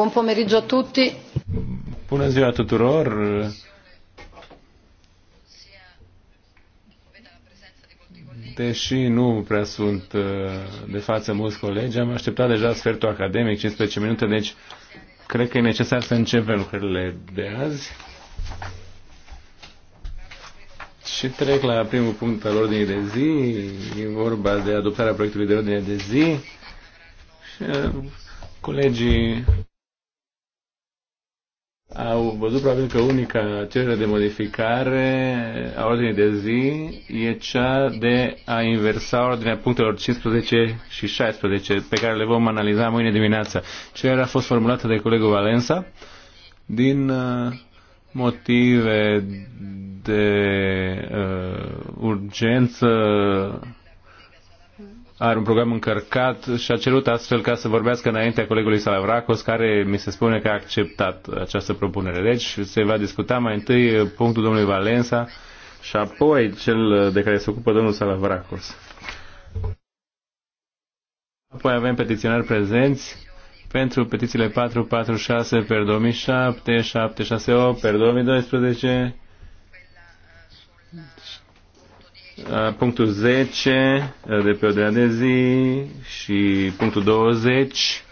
Buon pomeriggio a tutti. Bună ziua tuturor. Deși nu prea sunt uh, de față mulți colegi, am așteptat deja sfertul academic, 15 minute, deci cred că e necesar să începem lucrurile de azi. Și trec la primul punct al ordinii de zi. E vorba de adoptarea proiectului de ordine de zi. Și uh, colegii au văzut probabil că unica cerere de modificare a ordinii de zi e cea de a inversa ordinea punctelor 15 și 16 pe care le vom analiza mâine dimineața. Cererea a fost formulată de colegul Valensa din uh, motive de uh, urgență are un program încărcat și a cerut astfel ca să vorbească înaintea colegului Salavracos, care mi se spune că a acceptat această propunere. Deci se va discuta mai întâi punctul domnului Valensa și apoi cel de care se ocupă domnul Salavracos. Apoi avem petiționari prezenți pentru petițiile 446 per 2007, 768 per 2012, punctul 10 de pe ordinea de zi și punctul 20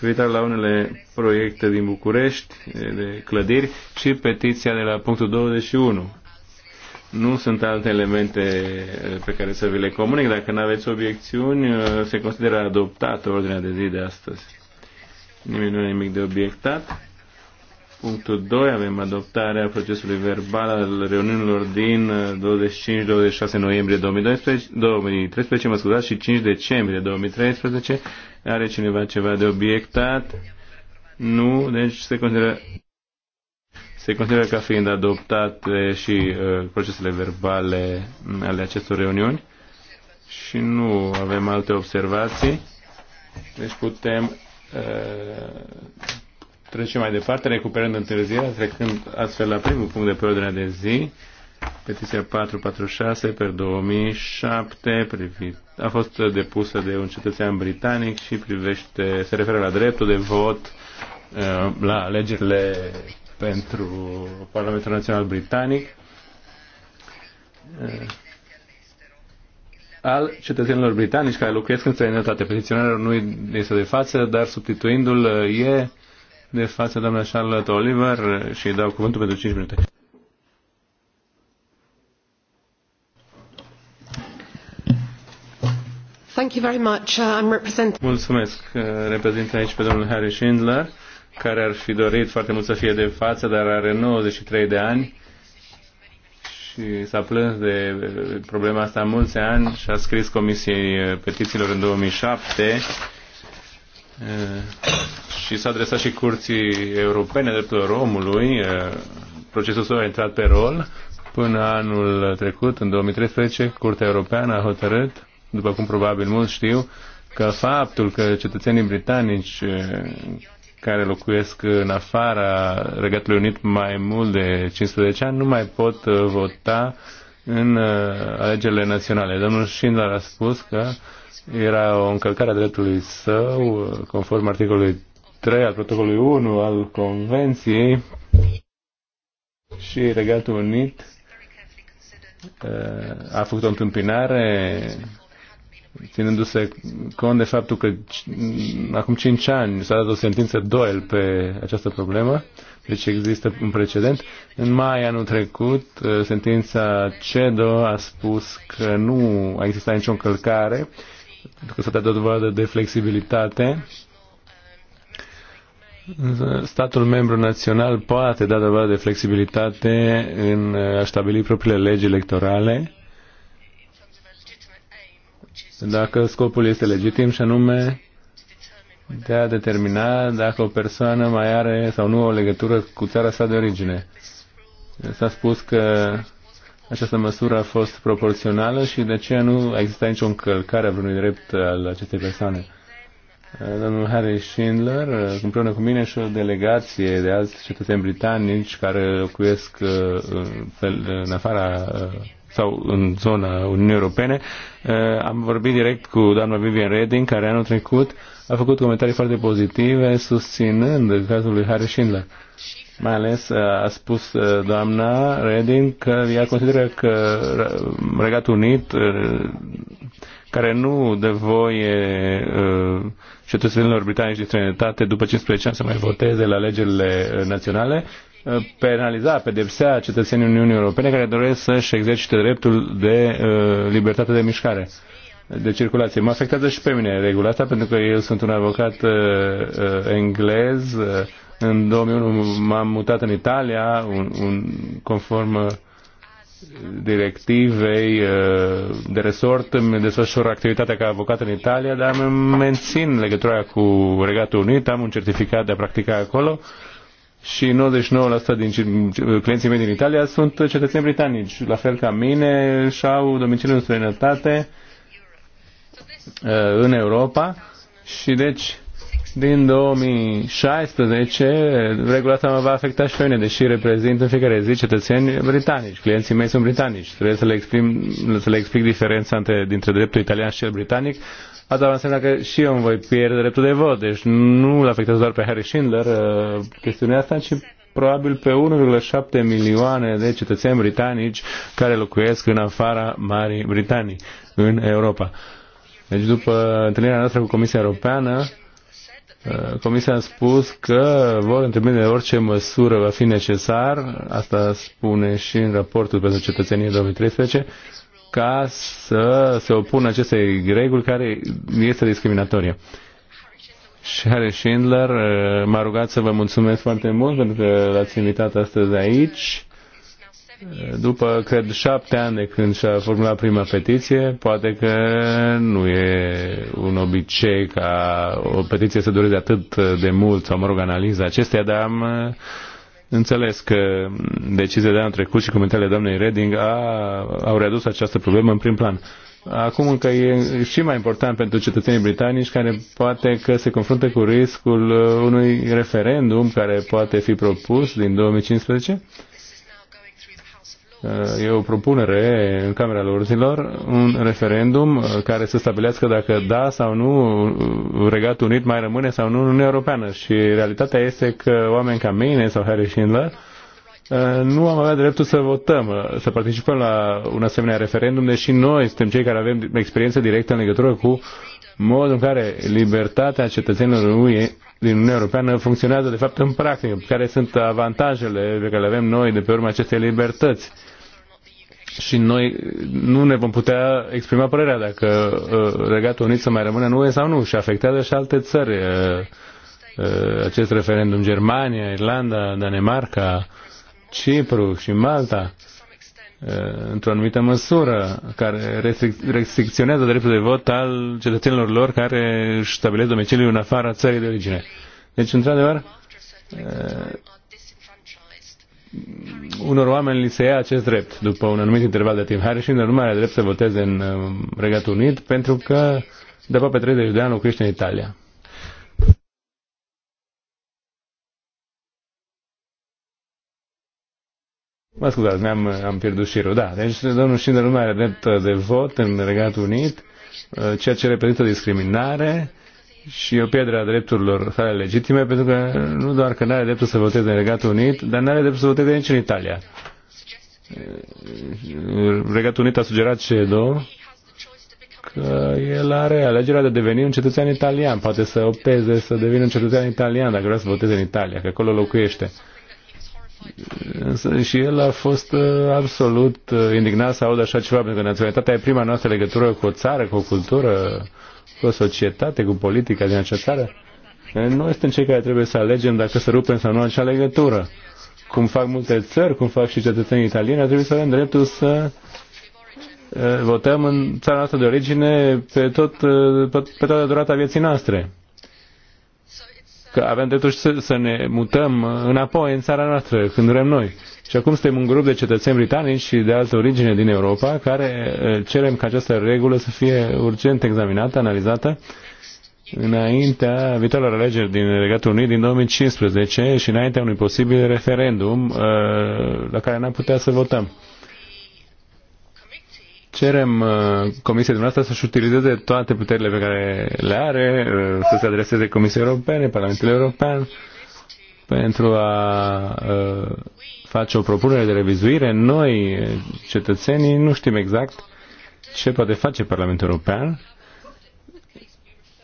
privitare la unele proiecte din București de clădiri și petiția de la punctul 21. Nu sunt alte elemente pe care să vi le comunic. Dacă nu aveți obiecțiuni, se consideră adoptată ordinea de zi de astăzi. Nimeni nu are nimic de obiectat. Punctul 2, avem adoptarea procesului verbal al reuniunilor din 25-26 uh, noiembrie 2012, 2013 mă scuzați, și 5 decembrie 2013. Are cineva ceva de obiectat? Nu, deci se consideră, se consideră ca fiind adoptate și uh, procesele verbale mm, ale acestor reuniuni și nu avem alte observații. Deci putem uh, Trecem mai departe, recuperând întârzierea, trecând astfel la primul punct de pe ordinea de zi, petiția 446 per 2007 privit, a fost depusă de un cetățean britanic și privește, se referă la dreptul de vot uh, la alegerile pentru Parlamentul Național Britanic uh, al cetățenilor britanici care locuiesc în străinătate. Petiționarul nu este de față, dar substituindu-l uh, e de față doamna Charlotte Oliver și îi dau cuvântul pentru 5 minute. Thank you very much. Uh, I'm representing... Mulțumesc. Uh, reprezint aici pe domnul Harry Schindler, care ar fi dorit foarte mult să fie de față, dar are 93 de ani și s-a plâns de problema asta mulți ani și a scris Comisiei uh, Petițiilor în 2007 Eh, și s-a adresat și Curții Europene Drepturilor Omului. Eh, procesul său a intrat pe rol până anul trecut, în 2013, Curtea Europeană a hotărât, după cum probabil mulți știu, că faptul că cetățenii britanici eh, care locuiesc în afara Regatului Unit mai mult de 15 ani nu mai pot vota în alegerile naționale. Domnul Schindler a spus că uh, era o încălcare a dreptului său, conform articolului 3 al protocolului 1 al Convenției și Regatul Unit uh, a făcut o întâmpinare ținându-se cont de faptul că acum 5 ani s-a dat o sentință doel pe această problemă, deci există un precedent. În mai anul trecut, uh, sentința CEDO a spus că nu a existat nicio încălcare că să dă dovadă de flexibilitate. Statul membru național poate da dovadă de flexibilitate în a stabili propriile legi electorale dacă scopul este legitim și anume de a determina dacă o persoană mai are sau nu o legătură cu țara sa de origine. S-a spus că această măsură a fost proporțională și de aceea nu a existat nicio încălcare a vreunui drept al acestei persoane. Domnul Harry Schindler, împreună cu mine și o delegație de alți cetățeni britanici care locuiesc uh, în afara uh, sau în zona Uniunii Europene. Uh, am vorbit direct cu doamna Vivian Redding, care anul trecut a făcut comentarii foarte pozitive, susținând cazul lui Harry Schindler. Mai ales uh, a spus uh, doamna Redding că ea consideră că Regatul Unit, uh, care nu dă voie cetățenilor britanici de străinătate după 15 ani să mai voteze la legile naționale, penaliza, pedepsea cetățenii Uniunii Europene care doresc să-și exercite dreptul de libertate de mișcare, de circulație. Mă afectează și pe mine regula asta pentru că eu sunt un avocat uh, englez, uh, în 2001 m-am mutat în Italia, un, un, conform uh, directivei uh, de resort, îmi desfășor activitatea ca avocat în Italia, dar îmi mențin legătura cu Regatul Unit, am un certificat de a practica acolo și 99% din clienții mei din Italia sunt cetățeni britanici, la fel ca mine, și-au domiciliu în străinătate, uh, în Europa și deci din 2016 regula asta mă va afecta și pe mine, deși reprezint în fiecare zi cetățeni britanici. Clienții mei sunt britanici. Trebuie să le, exprim, să le explic diferența între, dintre dreptul italian și cel britanic. Asta va însemna că și eu îmi voi pierde dreptul de vot. Deci nu îl afectează doar pe Harry Schindler uh, chestiunea asta, ci probabil pe 1,7 milioane de cetățeni britanici care locuiesc în afara Marii Britanii, în Europa. Deci după întâlnirea noastră cu Comisia Europeană, Uh, Comisia a spus că vor întreprinde orice măsură va fi necesar, asta spune și în raportul pentru cetățenie 2013, ca să se opună acestei reguli care este discriminatorie. Și Harry Schindler uh, m-a rugat să vă mulțumesc foarte mult pentru că l-ați invitat astăzi aici după, cred, șapte ani de când și-a formulat prima petiție, poate că nu e un obicei ca o petiție să dureze atât de mult, sau, mă rog, analiza acesteia, dar am uh, înțeles că decizia de anul trecut și comentariile doamnei Reding a, au redus această problemă în prim plan. Acum încă e și mai important pentru cetățenii britanici care poate că se confruntă cu riscul uh, unui referendum care poate fi propus din 2015 e o propunere în Camera Lorzilor, un referendum uh, care să stabilească dacă da sau nu uh, Regatul Unit mai rămâne sau nu în Uniunea Europeană. Și realitatea este că oameni ca mine sau Harry Schindler uh, nu am avea dreptul să votăm, să participăm la un asemenea referendum, deși noi suntem cei care avem experiență directă în legătură cu modul în care libertatea cetățenilor UE din Uniunea Europeană funcționează de fapt în practică, care sunt avantajele pe care le avem noi de pe urma acestei libertăți și noi nu ne vom putea exprima părerea dacă uh, Regatul Unit să mai rămână în UE sau nu și afectează și alte țări uh, uh, acest referendum, Germania, Irlanda, Danemarca, Cipru și Malta într-o anumită măsură care restricționează dreptul de vot al cetățenilor lor care își stabilesc domiciliul în afara țării de origine. Deci, într-adevăr, unor oameni li se ia acest drept după un anumit interval de timp. Harry Schindler nu mai are drept să voteze în uh, Regatul Unit pentru că de aproape 30 de ani locuiește în Italia. Mă scuzați, am am pierdut șirul. Da, deci domnul Schindler nu mai are drept de vot în Regatul Unit, uh, ceea ce reprezintă discriminare și o pierdere a drepturilor sale legitime, pentru că nu doar că nu are dreptul să voteze în Regatul Unit, dar nu are dreptul să voteze nici în Italia. Regatul Unit a sugerat CEDO că el are alegerea de a deveni un cetățean italian, poate să opteze să devină un cetățean italian dacă vrea să voteze în Italia, că acolo locuiește. Însă și el a fost uh, absolut uh, indignat să audă așa ceva, pentru că naționalitatea e prima noastră legătură cu o țară, cu o cultură, cu o societate, cu politica din această țară, noi suntem cei care trebuie să alegem dacă să rupem sau nu acea legătură. Cum fac multe țări, cum fac și cetățenii italieni, trebuie să avem dreptul să uh, votăm în țara noastră de origine pe, tot, uh, pe, pe toată durata vieții noastre că avem dreptul să, să ne mutăm înapoi în țara noastră, când vrem noi. Și acum suntem un grup de cetățeni britanici și de altă origine din Europa, care eh, cerem ca această regulă să fie urgent examinată, analizată, înaintea viitoarelor alegeri din Regatul Unit din 2015 și înaintea unui posibil referendum eh, la care n-am putea să votăm cerem uh, Comisiei dumneavoastră să-și utilizeze toate puterile pe care le are, uh, să se adreseze Comisiei Europene, Parlamentului European, pentru a uh, face o propunere de revizuire. Noi, cetățenii, nu știm exact ce poate face Parlamentul European,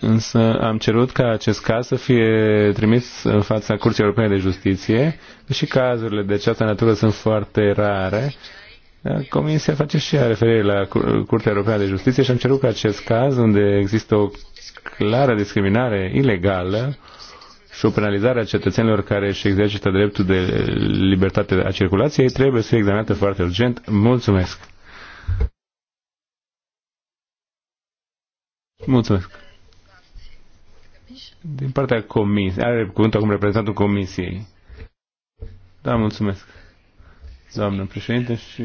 însă am cerut ca acest caz să fie trimis în fața Curții Europene de Justiție, deși cazurile de această natură sunt foarte rare Comisia face și ea referire la Curtea Europeană de Justiție și am cerut că acest caz, unde există o clară discriminare ilegală și o penalizare a cetățenilor care își exercită dreptul de libertate a circulației, trebuie să fie examinată foarte urgent. Mulțumesc! Mulțumesc! Din partea comisiei, are cuvântul acum reprezentantul comisiei. Da, mulțumesc! doamnă președinte, și,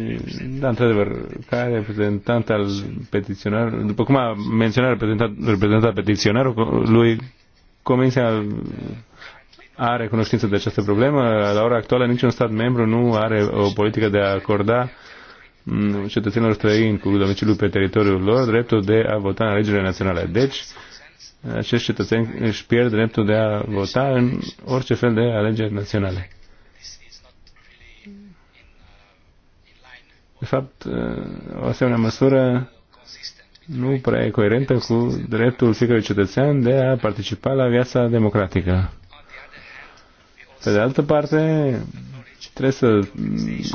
da, într-adevăr, ca reprezentant al petiționarului, după cum a menționat reprezentat, reprezentat petiționarul, lui Comisia are cunoștință de această problemă. La ora actuală niciun stat membru nu are o politică de a acorda mm, cetățenilor străini cu domiciliu pe teritoriul lor dreptul de a vota în alegerile naționale. Deci, acești cetățeni își pierd dreptul de a vota în orice fel de alegeri naționale. de fapt, o asemenea măsură nu prea e coerentă cu dreptul fiecărui cetățean de a participa la viața democratică. Pe de altă parte, trebuie să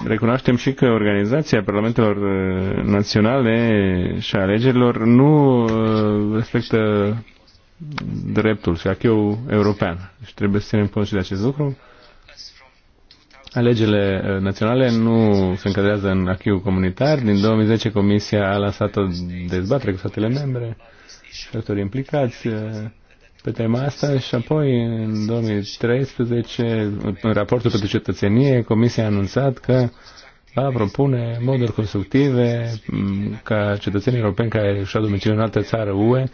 recunoaștem și că organizația Parlamentelor Naționale și a alegerilor nu respectă dreptul și eu european. Și deci trebuie să ținem cont și de acest lucru. Alegerile uh, naționale nu se încadrează în acquis comunitar. Din 2010 Comisia a lansat o dezbatere cu statele membre și actorii implicați uh, pe tema asta și apoi în 2013, în raportul pentru cetățenie, Comisia a anunțat că va propune moduri constructive ca cetățenii europeni care și-au domiciliu în altă țară UE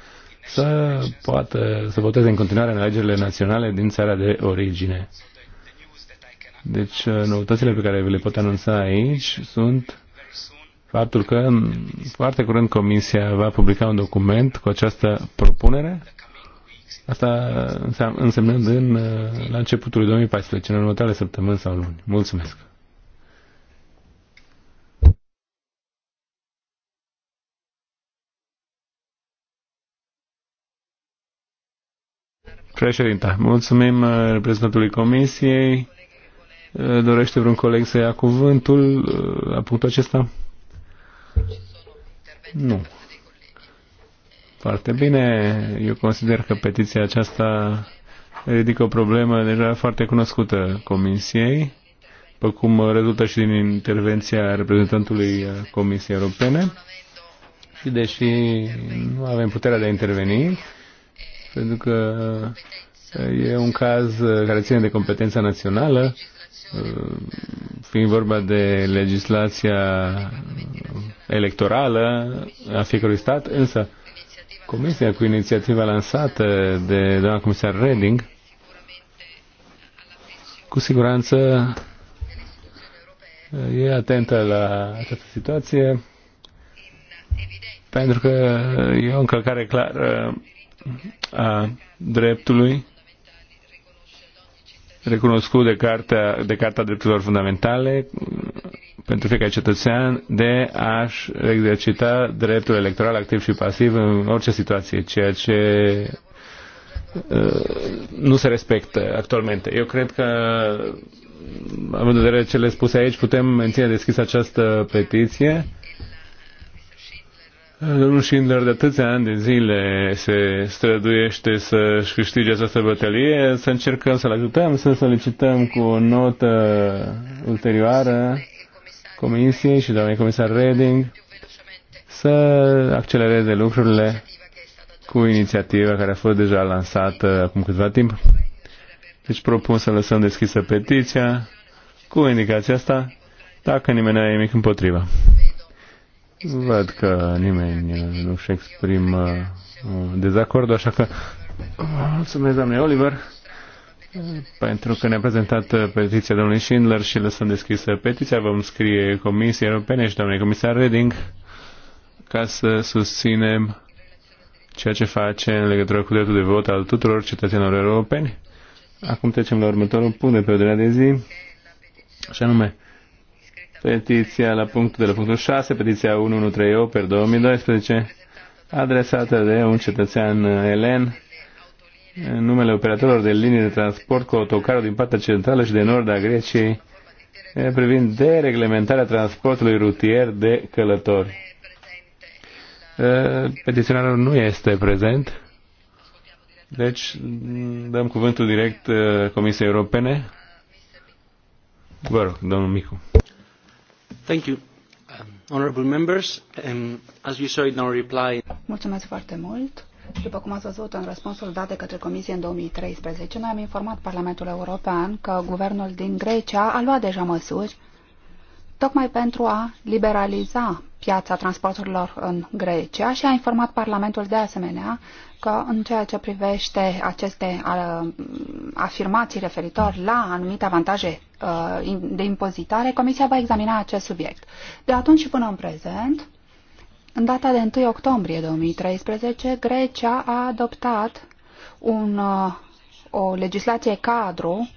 să poată să voteze în continuare în alegerile naționale din țara de origine. Deci, uh, noutățile pe care vi le pot anunța aici sunt faptul că mm, foarte curând Comisia va publica un document cu această propunere, asta însemnând în, uh, la începutul 2014, în următoarele săptămâni sau luni. Mulțumesc! Președinte, mulțumim uh, reprezentantului Comisiei. Eh, dorește vreun coleg să ia cuvântul eh, la punctul acesta? Nu. Foarte bine. Eu consider că petiția aceasta ridică o problemă deja foarte cunoscută Comisiei, după cum rezultă și din intervenția reprezentantului eh, Comisiei Europene. Și deși nu avem puterea de a interveni, pentru că e un caz care ține de competența națională, Uh, fiind vorba de legislația electorală a fiecărui stat, însă Comisia cu inițiativa lansată de doamna comisar Reding cu siguranță e atentă la această situație pentru că e o încălcare clară a dreptului recunoscut de Carta, de Carta Drepturilor Fundamentale pentru fiecare cetățean de a-și exercita dreptul electoral activ și pasiv în orice situație, ceea ce uh, nu se respectă actualmente. Eu cred că, având în vedere cele spuse aici, putem menține deschis această petiție Domnul Schindler de atâția ani de zile se străduiește să-și câștige această bătălie, să încercăm să-l ajutăm, să solicităm cu o notă ulterioară Comisiei și doamnei comisar Reding să accelereze lucrurile cu inițiativa care a fost deja lansată acum câtva timp. Deci propun să lăsăm deschisă petiția cu indicația asta, dacă nimeni nu are nimic împotriva. Văd că nimeni uh, nu-și exprimă uh, dezacordul, așa că uh, mulțumesc, doamne Oliver, pentru că ne-a prezentat petiția domnului Schindler și lăsăm deschisă petiția. Vom scrie Comisia Europene și doamne comisar Reding ca să susținem ceea ce face în legătură cu dreptul de vot al tuturor cetățenilor europeni. Acum trecem la următorul punct de pe ordinea de zi, așa nume? Petiția la punctul de la punctul 6, petiția 1138 per 2012, adresată de un cetățean elen, în numele operatorilor de linii de transport cu autocarul din partea centrală și de nord a Greciei, eh, privind dereglementarea transportului rutier de călători. Eh, petiționarul nu este prezent, deci dăm cuvântul direct eh, Comisiei Europene. Vă rog, domnul Micu. Mulțumesc foarte mult. După cum ați văzut în răspunsul dat de către Comisie în 2013, noi am informat Parlamentul European că guvernul din Grecia a luat deja măsuri tocmai pentru a liberaliza piața transporturilor în Grecia și a informat Parlamentul de asemenea că în ceea ce privește aceste uh, afirmații referitor la anumite avantaje uh, de impozitare, Comisia va examina acest subiect. De atunci și până în prezent, în data de 1 octombrie 2013, Grecia a adoptat un, uh, o legislație cadru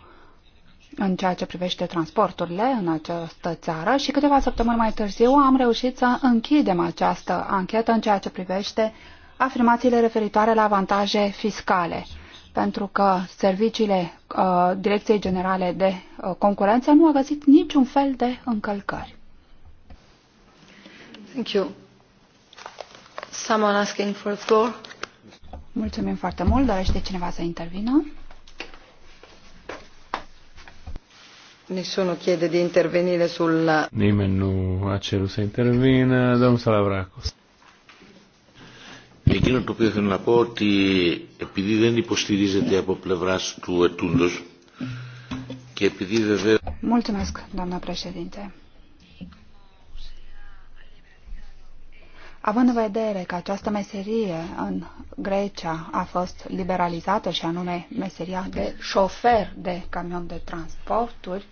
în ceea ce privește transporturile în această țară și câteva săptămâni mai târziu am reușit să închidem această anchetă în ceea ce privește afirmațiile referitoare la avantaje fiscale, pentru că serviciile uh, Direcției Generale de uh, Concurență nu au găsit niciun fel de încălcări. Thank you. Someone asking for the floor. Mulțumim foarte mult. Dorește cineva să intervină? Nessuno chiede di intervenire sul... Nimeni nu a cerut să intervină. Domnul Salavracos. Εκείνο το οποίο θέλω να πω ότι επειδή δεν υποστηρίζεται από πλευράς του ετούντος και επειδή βεβαίως... Mulțumesc, doamna președinte. Având în vedere că această meserie în Grecia a fost liberalizată și anume meseria de șofer de camion de transporturi,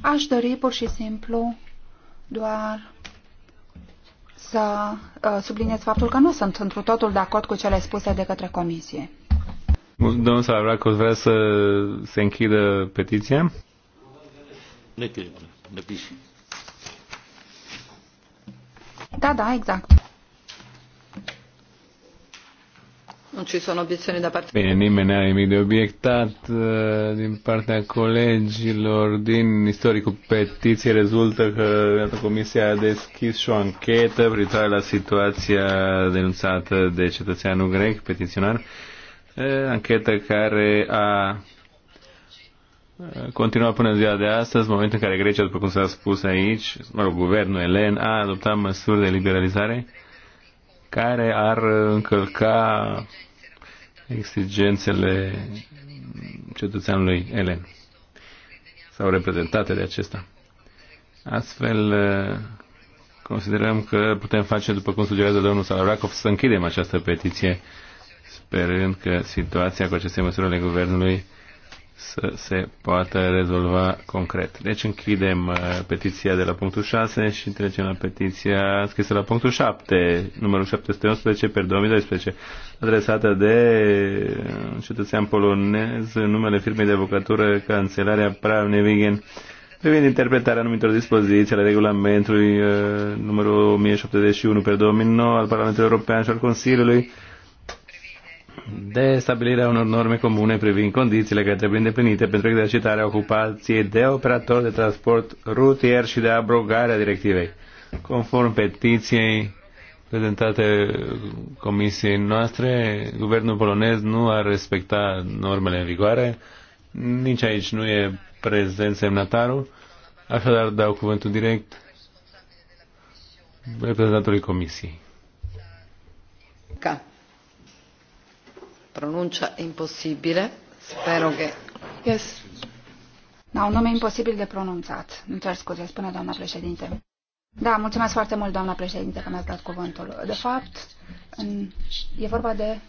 aș dori pur și simplu doar să uh, subliniez faptul că nu sunt întru totul de acord cu cele spuse de către Comisie. Domnul Salavracu, vrea să se închidă petiția? Da, da, exact. non ci sono obiezioni da parte... Bene, nimeni n-a nimic de obiectat uh, din partea colegilor. Din istoricul petiției rezultă că iată, Comisia a deschis și o anchetă privitoare la situația denunțată de cetățeanul grec, petiționar. Uh, anchetă care a uh, continua până în ziua de astăzi, moment în care Grecia, după cum s-a spus aici, mă rog, guvernul elen a adoptat măsuri de liberalizare care ar încălca exigențele cetățeanului elen sau reprezentate de acesta. Astfel, considerăm că putem face, după cum sugerează domnul Salarakov, să închidem această petiție, sperând că situația cu aceste măsuri ale guvernului să se poată rezolva concret. Deci închidem uh, petiția de la punctul 6 și trecem la petiția scrisă la punctul 7, numărul 711 pe 2012, adresată de uh, cetățean polonez în numele firmei de avocatură Cancelarea Pravnevigen privind interpretarea anumitor dispoziții ale regulamentului uh, numărul 1071 pe 2009 al Parlamentului European și al Consiliului de stabilirea unor norme comune privind condițiile care trebuie îndeplinite pentru exercitarea ocupației de operator de transport rutier și de abrogarea directivei, conform petiției prezentate comisiei noastre, guvernul polonez nu ar respecta normele în vigoare, nici aici nu e prezent semnatarul, așadar dau cuvântul direct reprezentantului comisiei. pronuncia impossibile. spero che... Yes. Da, un nume imposibil de pronunțat. Îmi cer scuze, spune doamna președinte. Da, mulțumesc foarte mult, doamna președinte, că mi-ați dat cuvântul. De fapt, în, e vorba de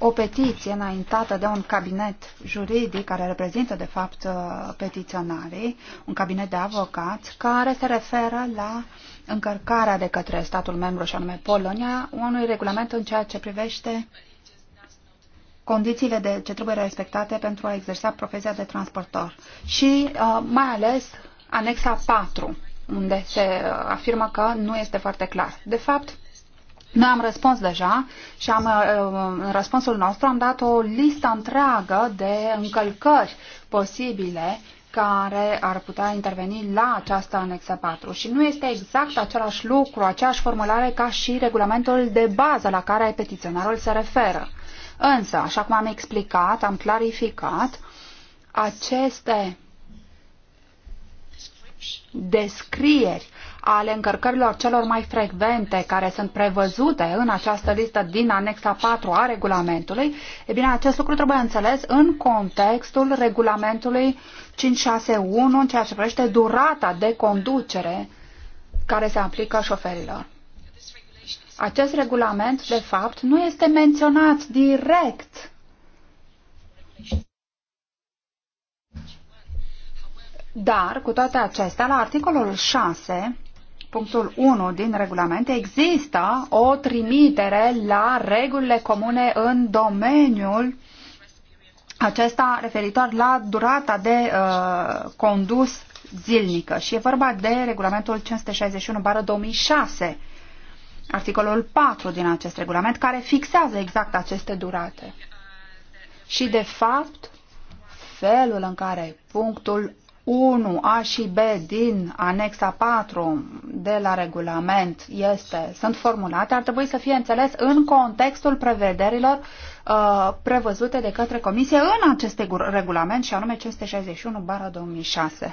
o petiție înaintată de un cabinet juridic care reprezintă, de fapt, uh, petiționarii, un cabinet de avocați, care se referă la uh, încărcarea de către statul membru, și anume Polonia, unui regulament în ceea ce privește condițiile de, ce trebuie respectate pentru a exersa profesia de transportor și uh, mai ales anexa 4, unde se uh, afirmă că nu este foarte clar. De fapt, noi am răspuns deja și am, uh, în răspunsul nostru am dat o listă întreagă de încălcări posibile care ar putea interveni la această anexă 4 și nu este exact același lucru, aceeași formulare ca și regulamentul de bază la care petiționarul se referă. Însă, așa cum am explicat, am clarificat, aceste descrieri ale încărcărilor celor mai frecvente care sunt prevăzute în această listă din anexa 4 a regulamentului, e bine, acest lucru trebuie înțeles în contextul regulamentului 561 în ceea ce privește durata de conducere care se aplică șoferilor. Acest regulament, de fapt, nu este menționat direct Dar, cu toate acestea, la articolul 6 punctul 1 din regulament, există o trimitere la regulile comune în domeniul acesta referitor la durata de uh, condus zilnică și e vorba de regulamentul 561-2006, articolul 4 din acest regulament, care fixează exact aceste durate. Și, de fapt, felul în care punctul 1, A și B din anexa 4 de la regulament este, sunt formulate, ar trebui să fie înțeles în contextul prevederilor uh, prevăzute de către Comisie în acest regulament și anume 561-2006.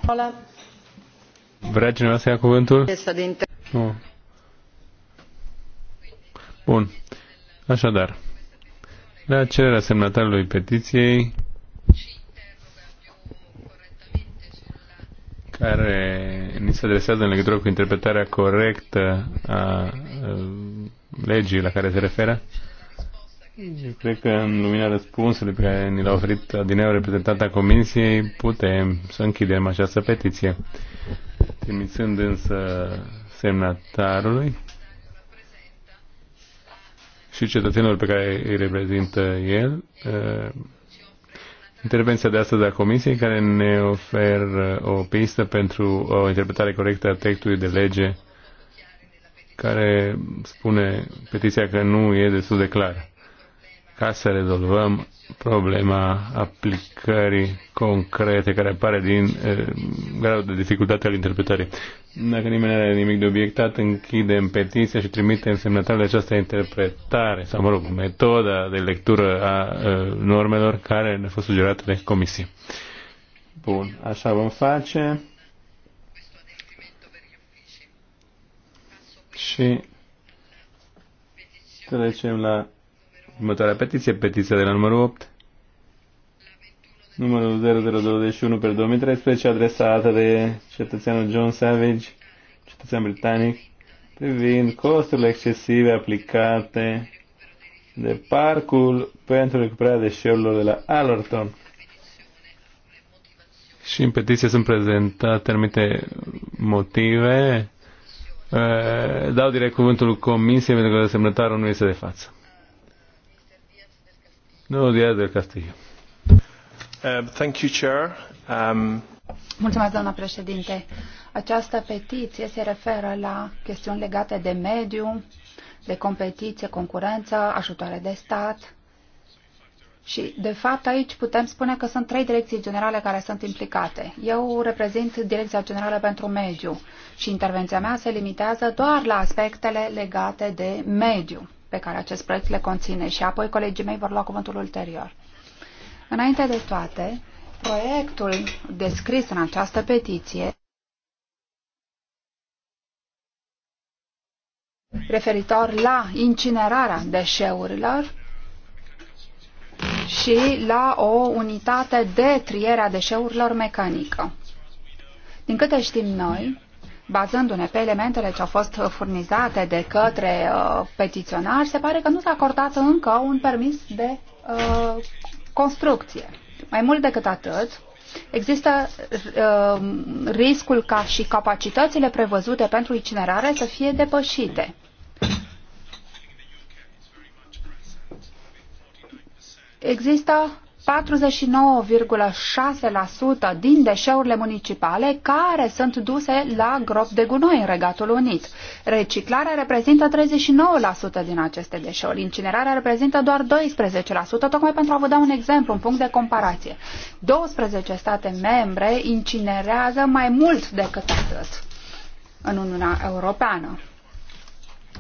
Vrea cineva să ia cuvântul? Nu. Bun. Așadar, la cererea semnatarului petiției, care ni se adresează în legătură cu interpretarea corectă a legii la care se referă. Eu cred că în lumina răspunsului pe care ni l-a oferit Adineu, reprezentanta Comisiei, putem să închidem această petiție. Trimițând însă semnatarului și cetățenilor pe care îi reprezintă el, intervenția de astăzi a Comisiei, care ne oferă o pistă pentru o interpretare corectă a textului de lege care spune petiția că nu e destul de clară ca să rezolvăm problema aplicării concrete care apare din uh, eh, gradul de dificultate al interpretării. Dacă nimeni nu are nimic de obiectat, închidem petiția și trimitem semnătatea de această interpretare, sau mă rog, metoda de lectură a uh, normelor care ne-a fost sugerată de comisie. Bun, așa vom face. Și trecem la Următoarea petiție, petiția de la numărul 8, numărul 0021 pe 2013, adresată de cetățeanul John Savage, cetățean britanic, privind costurile excesive aplicate de parcul pentru recuperarea deșeurilor de la Allerton. Și în petiție sunt prezentate anumite motive. Eh, dau direct cuvântul Comisiei pentru că semnătarul nu este de față. Domnul Diaz del Castillo. Uh, thank you, Chair. Um... Mulțumesc, doamna președinte. Această petiție se referă la chestiuni legate de mediu, de competiție, concurență, ajutoare de stat. Și, de fapt, aici putem spune că sunt trei direcții generale care sunt implicate. Eu reprezint Direcția Generală pentru Mediu și intervenția mea se limitează doar la aspectele legate de mediu pe care acest proiect le conține și apoi colegii mei vor lua cuvântul ulterior. Înainte de toate, proiectul descris în această petiție referitor la incinerarea deșeurilor și la o unitate de triere a deșeurilor mecanică. Din câte știm noi, bazându-ne pe elementele ce au fost furnizate de către uh, petiționari, se pare că nu s-a acordat încă un permis de uh, construcție. Mai mult decât atât, există uh, riscul ca și capacitățile prevăzute pentru incinerare să fie depășite. Există 49,6% din deșeurile municipale care sunt duse la grop de gunoi în Regatul Unit. Reciclarea reprezintă 39% din aceste deșeuri, incinerarea reprezintă doar 12%, tocmai pentru a vă da un exemplu, un punct de comparație. 12 state membre incinerează mai mult decât atât în Uniunea Europeană.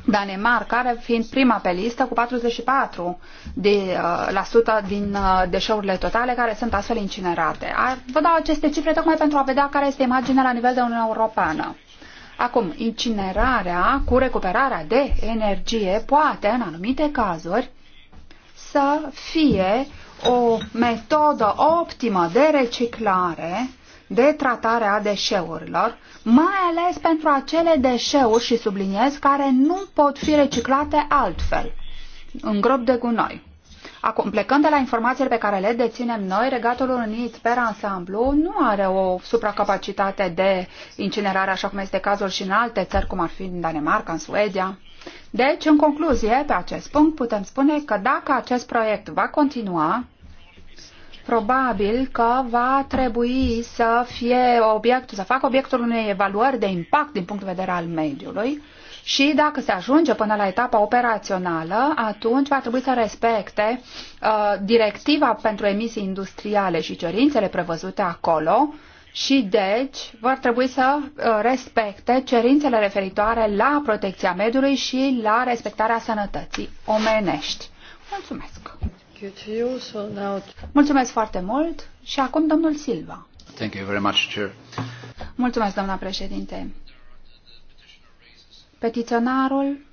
Danemarca, fiind prima pe listă, cu 44% de, uh, la sută din uh, deșeurile totale care sunt astfel incinerate. Vă dau aceste cifre tocmai pentru a vedea care este imaginea la nivel de Uniunea Europeană. Acum, incinerarea cu recuperarea de energie poate, în anumite cazuri, să fie o metodă optimă de reciclare, de tratare a deșeurilor, mai ales pentru acele deșeuri, și subliniez, care nu pot fi reciclate altfel, în grop de gunoi. Acum, plecând de la informațiile pe care le deținem noi, Regatul Unit, per ansamblu, nu are o supracapacitate de incinerare, așa cum este cazul și în alte țări, cum ar fi în Danemarca, în Suedia. Deci, în concluzie, pe acest punct, putem spune că dacă acest proiect va continua, probabil că va trebui să fie obiectul, să facă obiectul unei evaluări de impact din punct de vedere al mediului și dacă se ajunge până la etapa operațională, atunci va trebui să respecte uh, directiva pentru emisii industriale și cerințele prevăzute acolo și deci vor trebui să uh, respecte cerințele referitoare la protecția mediului și la respectarea sănătății omenești. Mulțumesc! Mulțumesc foarte mult și acum domnul Silva. Thank you very much, Chair. Mulțumesc, doamna președinte. Petiționarul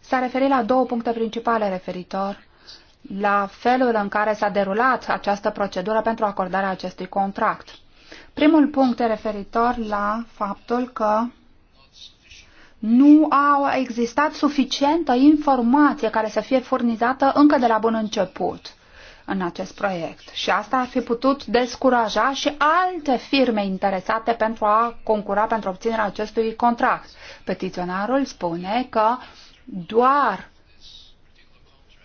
s-a referit la două puncte principale referitor la felul în care s-a derulat această procedură pentru acordarea acestui contract. Primul punct referitor la faptul că nu a existat suficientă informație care să fie furnizată încă de la bun început în acest proiect. Și asta ar fi putut descuraja și alte firme interesate pentru a concura pentru obținerea acestui contract. Petiționarul spune că doar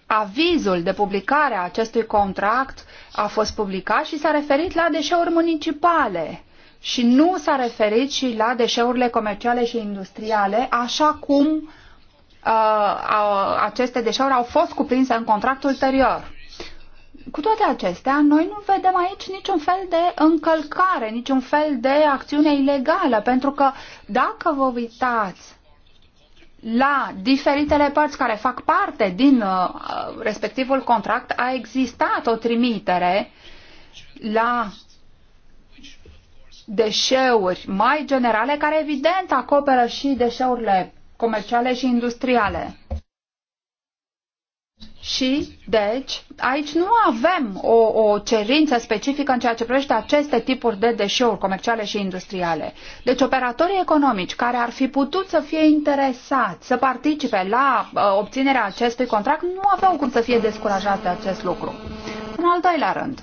avizul de publicare a acestui contract a fost publicat și s-a referit la deșeuri municipale și nu s-a referit și la deșeurile comerciale și industriale, așa cum uh, uh, aceste deșeuri au fost cuprinse în contract ulterior. Cu toate acestea, noi nu vedem aici niciun fel de încălcare, niciun fel de acțiune ilegală, pentru că dacă vă uitați la diferitele părți care fac parte din uh, respectivul contract, a existat o trimitere la deșeuri mai generale, care evident acoperă și deșeurile comerciale și industriale. Și, deci, aici nu avem o, o cerință specifică în ceea ce privește aceste tipuri de deșeuri comerciale și industriale. Deci, operatorii economici care ar fi putut să fie interesați să participe la uh, obținerea acestui contract nu aveau cum să fie descurajați de acest lucru. În al doilea rând,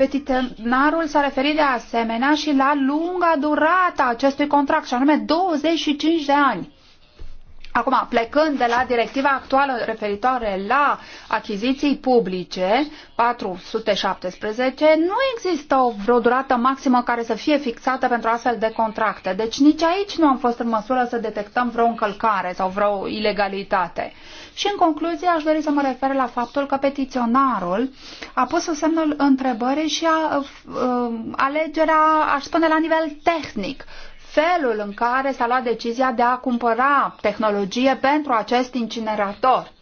petitenarul s-a referit de asemenea și la lunga durata acestui contract, și anume 25 de ani. Acum, plecând de la directiva actuală referitoare la achiziții publice, 417, nu există o vreo durată maximă care să fie fixată pentru astfel de contracte. Deci nici aici nu am fost în măsură să detectăm vreo încălcare sau vreo ilegalitate. Și în concluzie aș dori să mă refer la faptul că petiționarul a pus semnul întrebării și a, a, uh, uh, alegerea, aș spune, la nivel tehnic felul în care s-a luat decizia de a cumpăra tehnologie pentru acest incinerator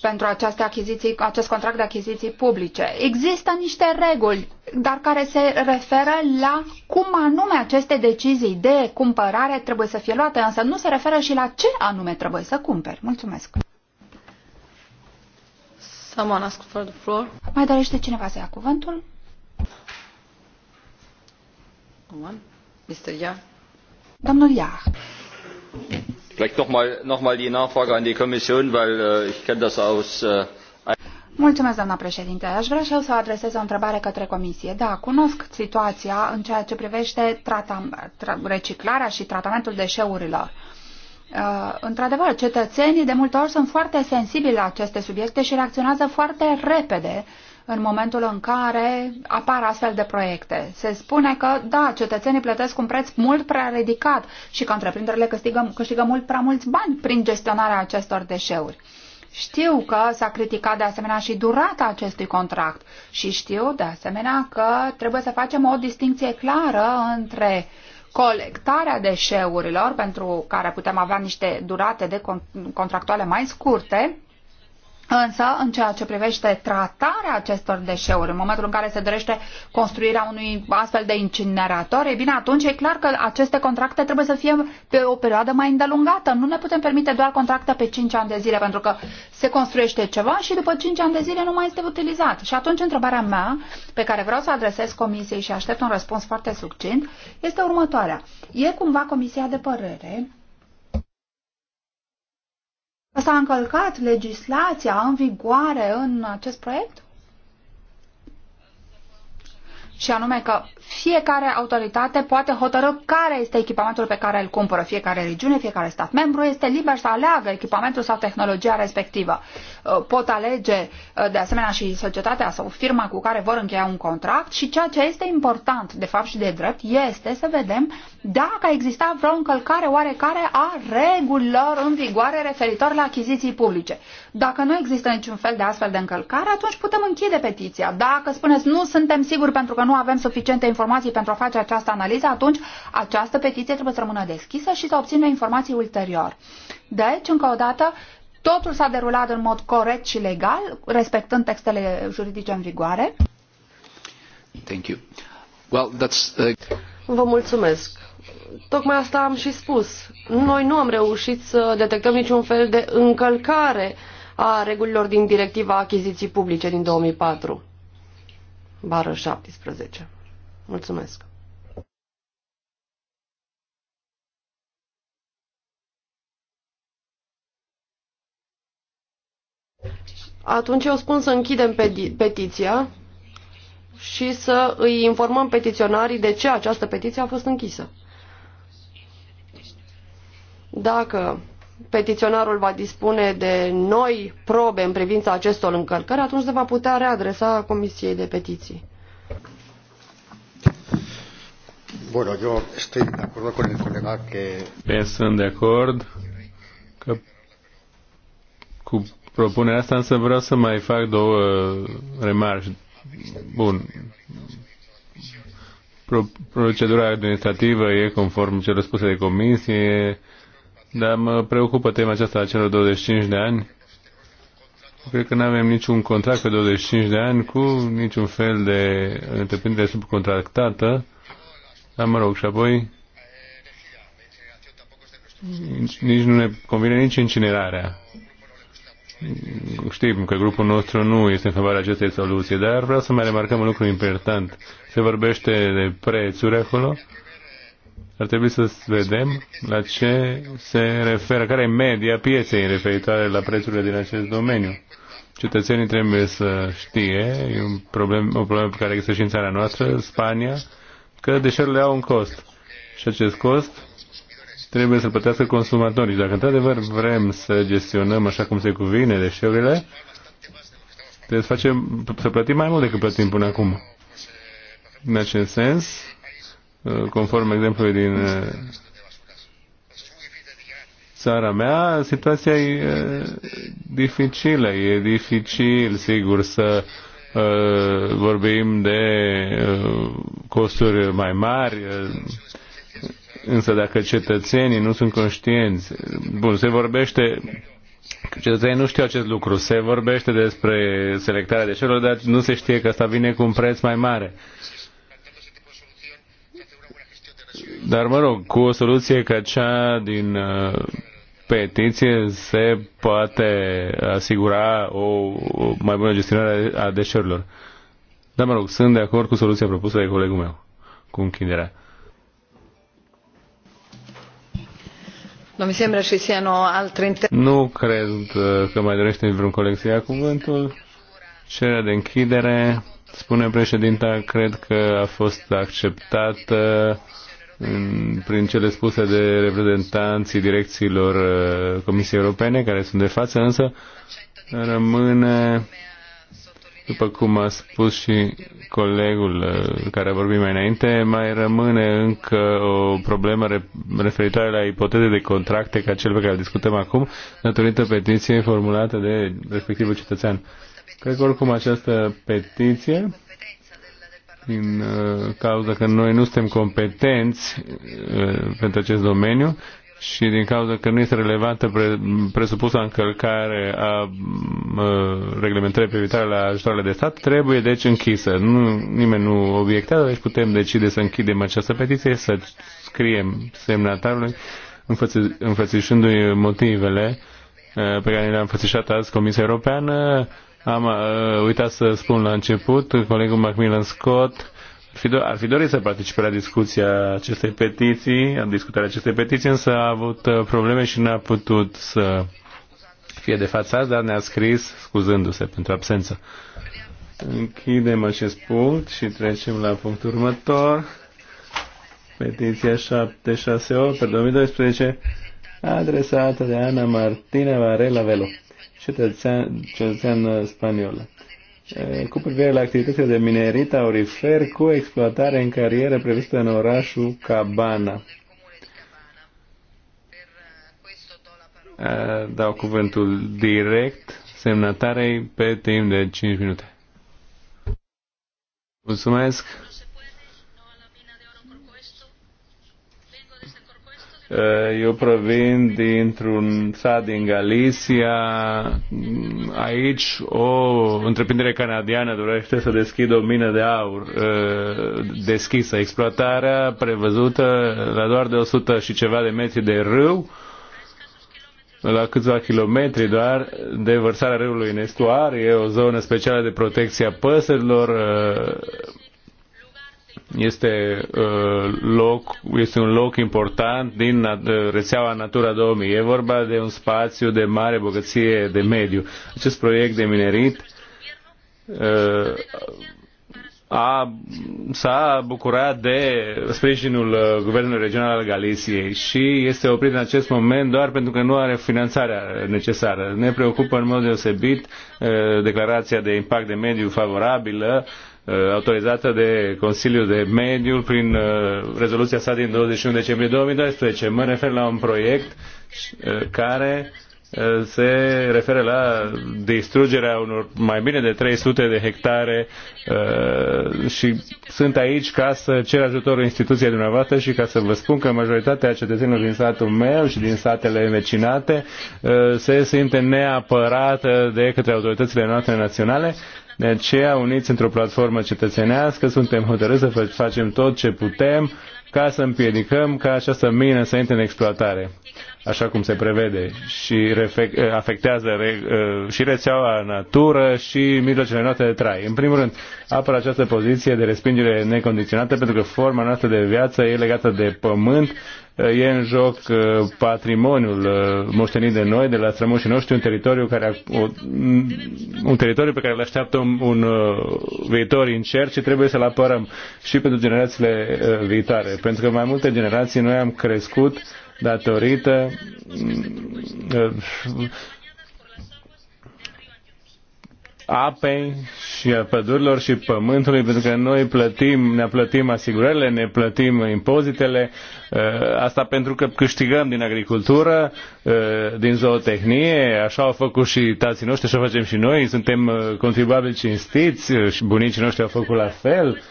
pentru aceste achiziții, acest contract de achiziții publice. Există niște reguli, dar care se referă la cum anume aceste decizii de cumpărare trebuie să fie luate, însă nu se referă și la ce anume trebuie să cumperi. Mulțumesc! Someone asked for the floor. Mai dorește cineva să ia cuvântul? Mr. Ia. Domnul Ia. Vielleicht noch mal, noch mal die Nachfrage an die Kommission, weil uh, ich kenne das aus uh, Mulțumesc, doamna președinte. Aș vrea și eu să adresez o întrebare către Comisie. Da, cunosc situația în ceea ce privește tra, reciclarea și tratamentul deșeurilor. Uh, Uh, într-adevăr, cetățenii de multe ori sunt foarte sensibili la aceste subiecte și reacționează foarte repede în momentul în care apar astfel de proiecte. Se spune că, da, cetățenii plătesc un preț mult prea ridicat și că întreprinderile câștigă, câștigă mult prea mulți bani prin gestionarea acestor deșeuri. Știu că s-a criticat de asemenea și durata acestui contract și știu de asemenea că trebuie să facem o distinție clară între uh, colectarea deșeurilor, pentru care putem avea niște durate de contractuale mai scurte, Însă, în ceea ce privește tratarea acestor deșeuri, în momentul în care se dorește construirea unui astfel de incinerator, e bine, atunci e clar că aceste contracte trebuie să fie pe o perioadă mai îndelungată. Nu ne putem permite doar contracte pe 5 ani de zile, pentru că se construiește ceva și după 5 ani de zile nu mai este utilizat. Și atunci, întrebarea mea, pe care vreau să adresez comisiei și aștept un răspuns foarte succint, este următoarea. E cumva comisia de părere S-a încălcat legislația în vigoare în acest proiect? și anume că fiecare autoritate poate hotărâ care este echipamentul pe care îl cumpără. Fiecare regiune, fiecare stat membru este liber să aleagă echipamentul sau tehnologia respectivă. Uh, pot alege uh, de asemenea și societatea sau firma cu care vor încheia un contract și ceea ce este important de fapt și de drept este să vedem dacă exista vreo încălcare oarecare a regulilor în vigoare referitor la achiziții publice. Dacă nu există niciun fel de astfel de încălcare, atunci putem închide petiția. Dacă spuneți nu suntem siguri pentru că nu avem suficiente informații pentru a face această analiză, atunci această petiție trebuie să rămână deschisă și să obținem informații ulterior. Deci, încă o dată, totul s-a derulat în mod corect și legal, respectând textele juridice în vigoare. Thank you. Well, that's, uh... Vă mulțumesc. Tocmai asta am și spus. Noi nu am reușit să detectăm niciun fel de încălcare a regulilor din Directiva Achiziții Publice din 2004, bară 17. Mulțumesc! Atunci eu spun să închidem petiția și să îi informăm petiționarii de ce această petiție a fost închisă. Dacă petiționarul va dispune de noi probe în privința acestor încălcări, atunci se va putea readresa Comisiei de Petiții. Bueno, yo estoy de acuerdo con el colega que... Eu sunt de acord că cu propunerea asta, însă vreau să mai fac două remarci. Bun. Pro procedura administrativă e conform celor spuse de comisie, dar mă preocupă tema aceasta a celor 25 de ani. Cred că nu avem niciun contract pe 25 de ani cu niciun fel de întreprindere subcontractată. Dar mă rog, și apoi nici nu ne convine nici incinerarea. Știm că grupul nostru nu este în favoarea acestei soluții, dar vreau să mai remarcăm un lucru important. Se vorbește de prețuri acolo ar trebui să vedem la ce se referă, care e media pieței referitoare la prețurile din acest domeniu. Cetățenii trebuie să știe, e un problem, o problemă pe care există și în țara noastră, Spania, că deșeurile au un cost. Și acest cost trebuie să plătească consumatorii. Dacă într-adevăr vrem să gestionăm așa cum se cuvine deșeurile, trebuie să, facem, să plătim mai mult decât plătim până acum. În acest sens, conform exemplului din uh, țara mea, situația e uh, dificilă. E dificil, sigur, să uh, vorbim de costuri mai mari, însă dacă cetățenii nu sunt conștienți, bun, se vorbește Cetățenii nu știu acest lucru. Se vorbește despre selectarea deșeurilor, dar nu se știe că asta vine cu un preț mai mare. Uh, dar, mă rog, cu o soluție ca cea din uh, petiție se poate asigura o mai bună gestionare a deșeurilor. Dar, mă rog, sunt de acord cu soluția propusă de colegul meu, cu închiderea. Nu mi Nu cred uh, că mai dorește vreun coleg să ia cuvântul. Cererea de închidere, spune președinta, cred că a fost acceptată prin cele spuse de reprezentanții direcțiilor uh, Comisiei Europene care sunt de față, însă rămâne, după cum a spus și colegul uh, care a vorbit mai înainte, mai rămâne încă o problemă referitoare la ipoteze de contracte ca cel pe care îl discutăm acum, datorită petiției formulate de respectivul cetățean. Cred că oricum această petiție din uh, cauza că noi nu suntem competenți uh, pentru acest domeniu și din cauza că nu este relevantă pre, presupusă încălcare a uh, reglementării privitoare la ajutoarele de stat, trebuie deci închisă. Nu, nimeni nu obiectează, deci putem decide să închidem această petiție, să scriem semnatarului înfățișându-i motivele uh, pe care le-a înfățișat azi Comisia Europeană, am uh, uitat să spun la început, colegul Macmillan Scott ar fi, do- ar fi dorit să participe la discuția acestei petiții, am discutat acestei petiții, însă a avut uh, probleme și n-a putut să fie de față, dar ne-a scris scuzându-se pentru absență. Închidem acest punct și trecem la punctul următor. Petiția 768 pe 2012 adresată de Ana Martina Varela Velo cetățean, cetățean uh, spaniol uh, cu privire la activitățile de minerit aurifer cu exploatare în carieră previstă în orașul Cabana. Uh, dau cuvântul direct semnatarei pe timp de 5 minute. Mulțumesc! Eh, eu provin dintr-un sat din Galicia. Aici o întreprindere canadiană dorește să deschidă o mină de aur eh, deschisă. Exploatarea prevăzută la doar de 100 și ceva de metri de râu la câțiva kilometri doar de vărsarea râului în estuar, e o zonă specială de protecție a păsărilor, eh, este, uh, loc, este un loc important din uh, rețeaua Natura 2000. E vorba de un spațiu de mare bogăție de mediu. Acest proiect de minerit uh, a, s-a bucurat de sprijinul Guvernului Regional al Galiciei și este oprit în acest moment doar pentru că nu are finanțarea necesară. Ne preocupă în mod deosebit declarația de impact de mediu favorabilă Uh, autorizată de Consiliul de Mediu prin uh, rezoluția sa din 21 decembrie 2012. Mă refer la un proiect uh, care se referă la distrugerea unor mai bine de 300 de hectare și sunt aici ca să cer ajutorul instituției dumneavoastră și ca să vă spun că majoritatea cetățenilor din satul meu și din satele vecinate se simte neapărată de către autoritățile noastre naționale de aceea, uniți într-o platformă cetățenească, suntem hotărâți să facem tot ce putem ca să împiedicăm ca această mină să intre în exploatare, așa cum se prevede, și afectează re, uh, și rețeaua natură și mijloacele noastre de trai. În primul rând, apără această poziție de respingere necondiționată pentru că forma noastră de viață e legată de pământ e în joc uh, patrimoniul uh, moștenit de noi, de la strămoșii noștri, un teritoriu, care, un teritoriu pe care îl așteaptă un, un uh, viitor incert și trebuie să-l apărăm și pentru generațiile viitoare. Pentru că mai multe generații noi am crescut datorită mm, apei și a pădurilor și pământului, pentru că noi plătim, ne plătim asigurările, ne plătim impozitele, uh, asta pentru că câștigăm din agricultură, uh, din zootehnie, așa au făcut și tații noștri, așa facem și noi, suntem uh, contribuabili cinstiți și bunicii noștri au făcut la fel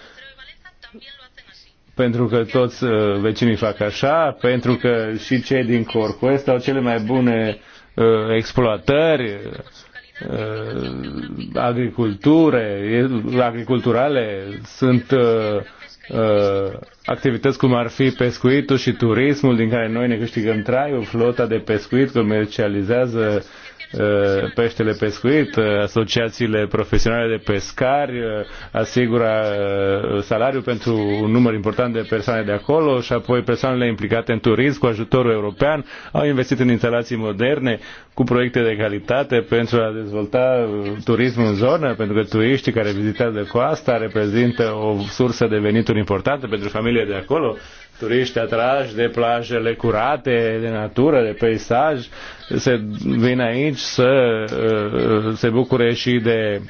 pentru că toți uh, vecinii fac așa, pentru că și cei din Corcuest au cele mai bune uh, exploatări, Uh, agriculture, agriculturale, sunt uh, uh, activități cum ar fi pescuitul și turismul din care noi ne câștigăm traiul, flota de pescuit comercializează Eh, peștele pescuit, eh, asociațiile profesionale de pescari eh, asigură salariu pentru un număr important de persoane de acolo și apoi persoanele implicate în turism cu ajutorul european au investit în instalații moderne cu proiecte de calitate pentru a dezvolta turismul în zonă, pentru că turiștii care vizitează coasta reprezintă o sursă de venituri importantă pentru familiile de acolo turiști atrași de plajele curate, de natură, de peisaj, se vin aici să uh, se bucure și de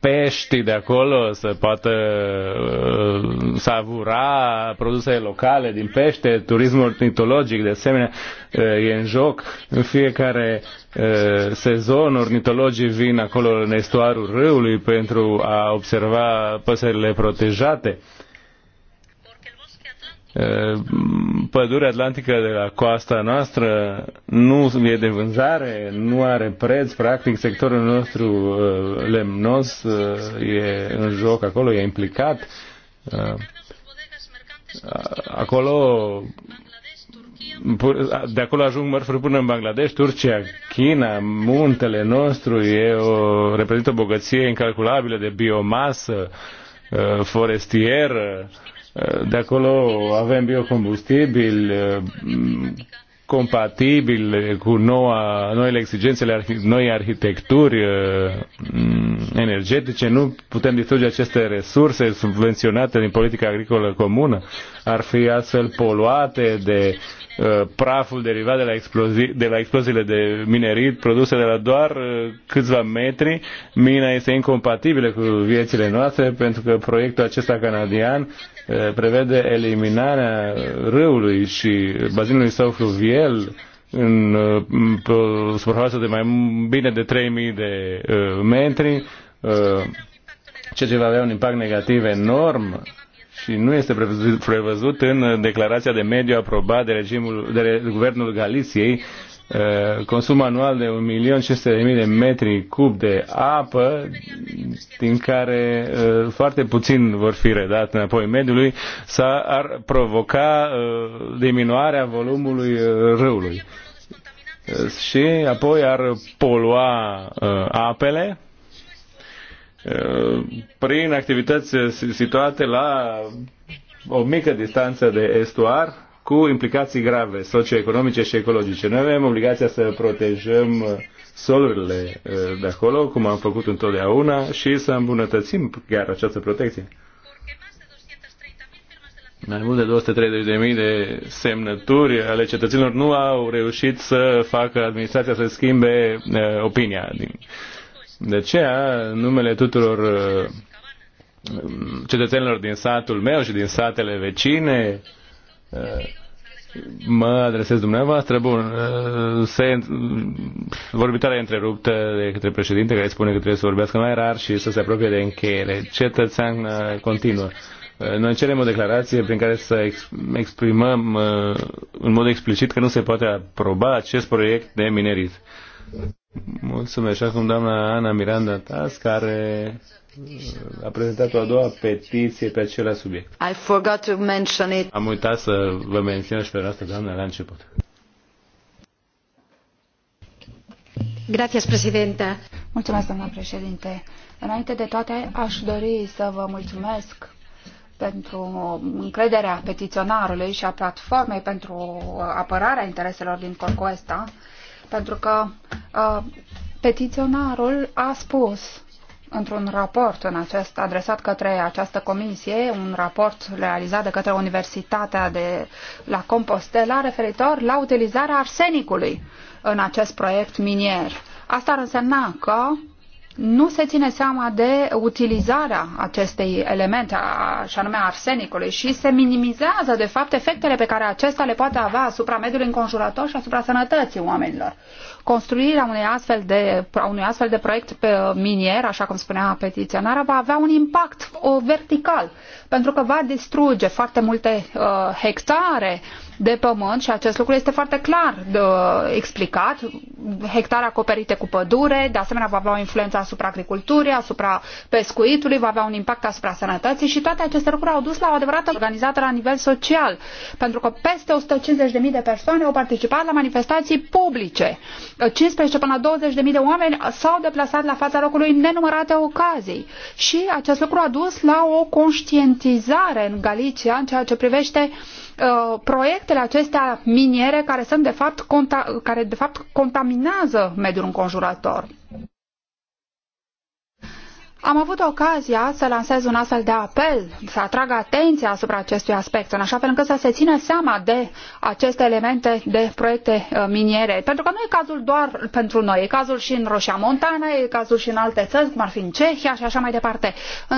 pești de acolo, să poată uh, savura produsele locale din pește, turismul ornitologic de asemenea uh, e în joc. În fiecare sezon ornitologii vin acolo în estuarul râului pentru a observa păsările protejate pădurea atlantică de la coasta noastră nu e de vânzare, nu are preț, practic sectorul nostru lemnos e în joc acolo, e implicat. Acolo de acolo ajung mărfuri până în Bangladesh, Turcia, China, muntele nostru e o, reprezintă o bogăție incalculabilă de biomasă, forestieră, de acolo avem biocombustibil compatibil cu noua, noile exigențele noi arhitecturi mm, energetice. Nu putem distruge aceste resurse subvenționate din politica agricolă comună. Ar fi astfel poluate de uh, praful derivat de la, explozi- de la exploziile de minerit produse de la doar uh, câțiva metri. Mina este incompatibilă cu viețile noastre pentru că proiectul acesta canadian prevede eliminarea râului și bazinului său fluvial în, suprafață de mai bine de 3000 de uh, metri, uh, ceea ce va avea un impact negativ enorm și nu este prevăzut în declarația de mediu aprobat de, regimul, de guvernul Galiciei, uh, consum anual de 1.500.000 de metri cub de apă din care uh, foarte puțin vor fi redate înapoi mediului, s-ar provoca uh, diminuarea volumului uh, râului. Uh, și apoi ar polua uh, apele uh, prin activități uh, situate la o mică distanță de estuar, cu implicații grave socioeconomice și ecologice. Noi avem obligația să protejăm uh, solurile uh, de acolo, cum am făcut întotdeauna, și să îmbunătățim chiar această protecție. Mai mult de 230.000 de semnături ale cetățenilor nu au reușit să facă administrația să schimbe uh, opinia. De aceea, numele tuturor uh, cetățenilor din satul meu și din satele vecine, uh, Uh, mă adresez dumneavoastră, bun, uh, se, vorbitoarea e întreruptă de către președinte care spune că trebuie să vorbească mai rar și să se apropie de încheiere. Cetățean uh, continuă. Noi cerem o declarație prin care să exprimăm în mod explicit că nu se poate aproba acest proiect de minerit. Mulțumesc. Și acum doamna Ana Miranda Tas, care a prezentat o a doua petiție pe același subiect. I forgot to mention it. Am uitat să vă menționez și pe asta, doamnă, la început. Gracias, presidenta. Mulțumesc, doamna președinte. Înainte de toate, aș dori să vă mulțumesc pentru încrederea petiționarului și a platformei pentru apărarea intereselor din Corcoesta, pentru că uh, petiționarul a spus într-un raport în acest, adresat către această comisie, un raport realizat de către Universitatea de la Compostela referitor la utilizarea arsenicului în acest proiect minier. Asta ar însemna că nu se ține seama de utilizarea acestei elemente, așa nume arsenicului, și se minimizează, de fapt, efectele pe care acesta le poate avea asupra mediului înconjurător și asupra sănătății oamenilor construirea unei astfel de, a unui astfel de proiect pe uh, minier, așa cum spunea petiționarea, va avea un impact o vertical, pentru că va distruge foarte multe uh, hectare uh, de pământ și acest lucru este foarte clar de, explicat. Hectare acoperite cu pădure, de asemenea va avea o influență asupra agriculturii, asupra pescuitului, va avea un impact asupra sănătății și toate aceste lucruri au dus la o adevărată organizată la nivel social, pentru că peste 150.000 de persoane au participat la manifestații publice. 15 până la 20.000 de oameni s-au deplasat la fața locului în nenumărate ocazii și acest lucru a dus la o conștientizare în Galicia în ceea ce privește uh, Uh, proiectele acestea miniere care sunt de fapt, care de fapt contaminează mediul înconjurător. Am avut ocazia să lansez un astfel de apel, să atrag atenția asupra acestui aspect, în așa fel încât să se țină seama de aceste elemente de proiecte uh, miniere. Pentru că nu e cazul doar pentru noi, e cazul și în Roșia Montana, e cazul și în alte țări, cum ar fi în Cehia și așa mai departe. Uh,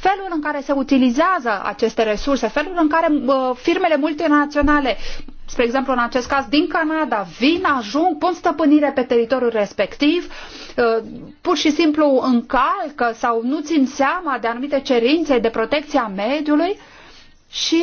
felul în care se utilizează aceste resurse, felul în care uh, firmele multinaționale spre exemplu în acest caz din Canada, vin, ajung, pun stăpânire pe teritoriul respectiv, uh, pur și simplu încalcă sau nu țin seama de anumite cerințe de protecție a mediului și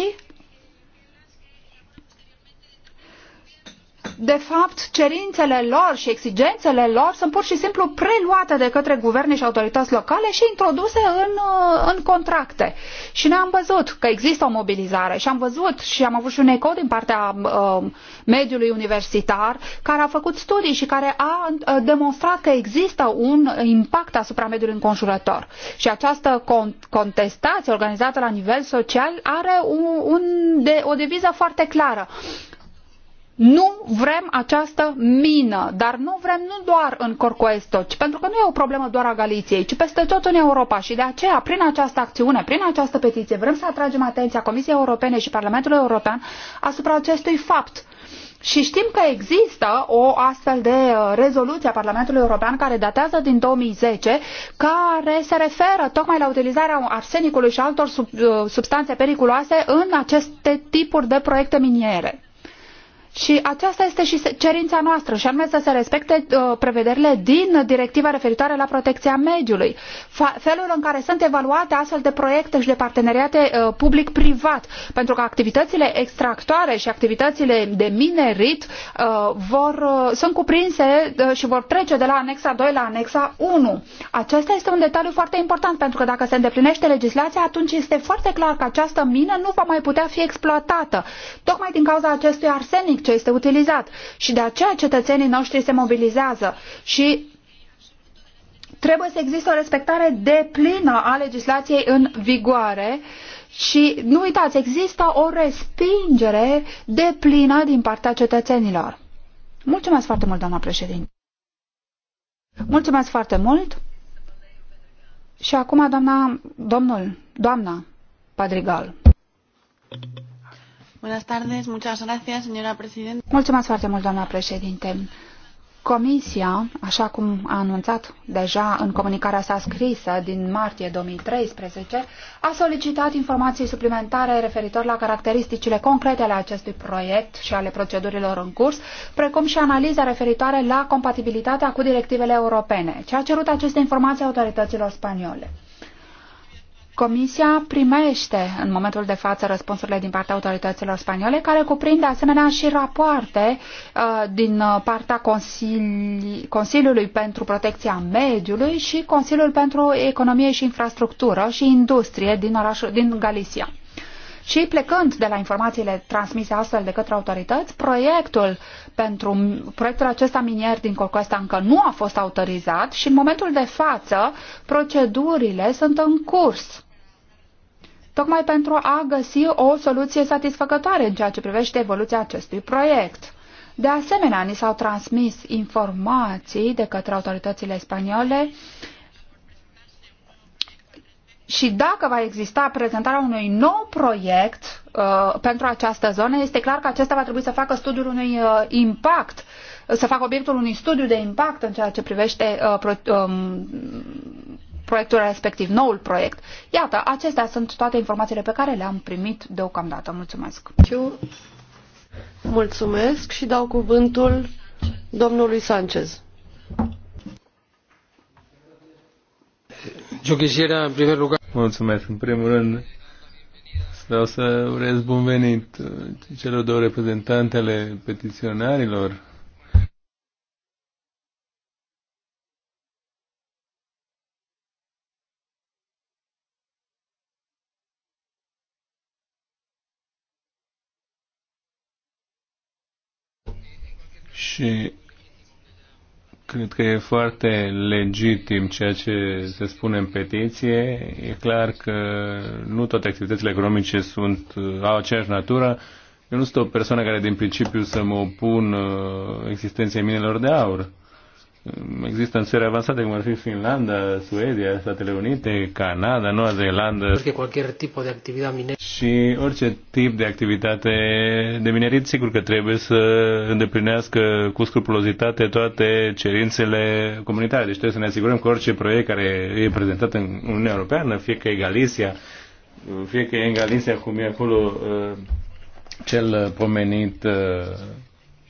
de fapt, cerințele lor și exigențele lor sunt pur și simplu preluate de către guverne și autorități locale și introduse în, uh, în contracte. Și ne-am văzut că există o mobilizare și am văzut și am avut și un ecou din partea uh, mediului universitar care a făcut studii și care a uh, demonstrat că există un impact asupra mediului înconjurător. Și această con- contestație organizată la nivel social are un, un de, o deviză foarte clară. Uh, nu vrem această mină, dar nu vrem nu doar în Corcoesto, ci pentru că nu e o problemă doar a Galiției, ci peste tot în Europa și de aceea, prin această acțiune, prin această petiție, vrem să atragem atenția Comisiei Europene și Parlamentului European asupra acestui fapt. Și știm că există o astfel de uh, rezoluție a Parlamentului European care datează din 2010, care se referă tocmai la utilizarea arsenicului și altor sub, uh, substanțe periculoase în aceste tipuri de proiecte miniere. Și aceasta este și cerința noastră, și anume să se respecte uh, prevederile din directiva referitoare la protecția mediului. Fa felul în care sunt evaluate astfel de proiecte și de parteneriate uh, public-privat, pentru că activitățile extractoare și activitățile de minerit uh, vor, uh, sunt cuprinse uh, și vor trece de la anexa 2 la anexa 1. Acesta este un detaliu foarte important, pentru că dacă se îndeplinește legislația, atunci este foarte clar că această mină nu va mai putea fi exploatată, tocmai din cauza acestui arsenic electronic ce este utilizat și de aceea cetățenii noștri se mobilizează și trebuie să existe o respectare deplină a legislației în vigoare și nu uitați, există o respingere deplină din partea cetățenilor. Mulțumesc foarte mult, doamna președinte. Mulțumesc foarte mult. Și acum, doamna, domnul, doamna Padrigal. Buenas tardes, muchas gracias, señora Mulțumesc foarte mult, doamna președinte. Comisia, așa cum a anunțat deja în comunicarea sa scrisă din martie 2013, a solicitat informații suplimentare referitor la caracteristicile concrete ale acestui proiect și ale procedurilor în curs, precum și analiza referitoare la compatibilitatea cu directivele europene, ce a cerut aceste informații autorităților spaniole. Comisia primește în momentul de față răspunsurile din partea autorităților spaniole, care cuprind de asemenea și rapoarte uh, din uh, partea Consili Consiliului pentru Protecția Mediului și Consiliul pentru Economie și Infrastructură și Industrie din, orașul, din Galicia. Și plecând de la informațiile transmise astfel de către autorități, proiectul pentru proiectul acesta minier din Corcoesta încă nu a fost autorizat și în momentul de față procedurile sunt în curs tocmai pentru a găsi o soluție satisfăcătoare în ceea ce privește evoluția acestui proiect. De asemenea, ni s-au transmis informații de către autoritățile spaniole și dacă va exista prezentarea unui nou proiect uh, pentru această zonă, este clar că acesta va trebui să facă studiul unui uh, impact, să facă obiectul unui studiu de impact în ceea ce privește uh, pro, um, proiectul respectiv, noul proiect. Iată, acestea sunt toate informațiile pe care le-am primit deocamdată. Mulțumesc! Mulțumesc și dau cuvântul domnului Sanchez. Mulțumesc. În primul rând, vreau să urez bun venit celor două reprezentante ale petiționarilor Și cred că e foarte legitim ceea ce se spune în petiție. E clar că nu toate activitățile economice sunt, uh, au aceeași natură. Eu nu sunt o persoană care din principiu să mă opun uh, existenței minelor de aur. Există în țări avansate, cum ar fi Finlanda, Suedia, Statele Unite, Canada, Noua Zeelandă. Și orice tip de activitate de minerit, sigur că trebuie să îndeplinească cu scrupulozitate toate cerințele comunitare. Deci trebuie să ne asigurăm că orice proiect care e prezentat în Uniunea Europeană, fie că e Galicia, fie că e în Galicia, cum e acolo uh, cel pomenit uh,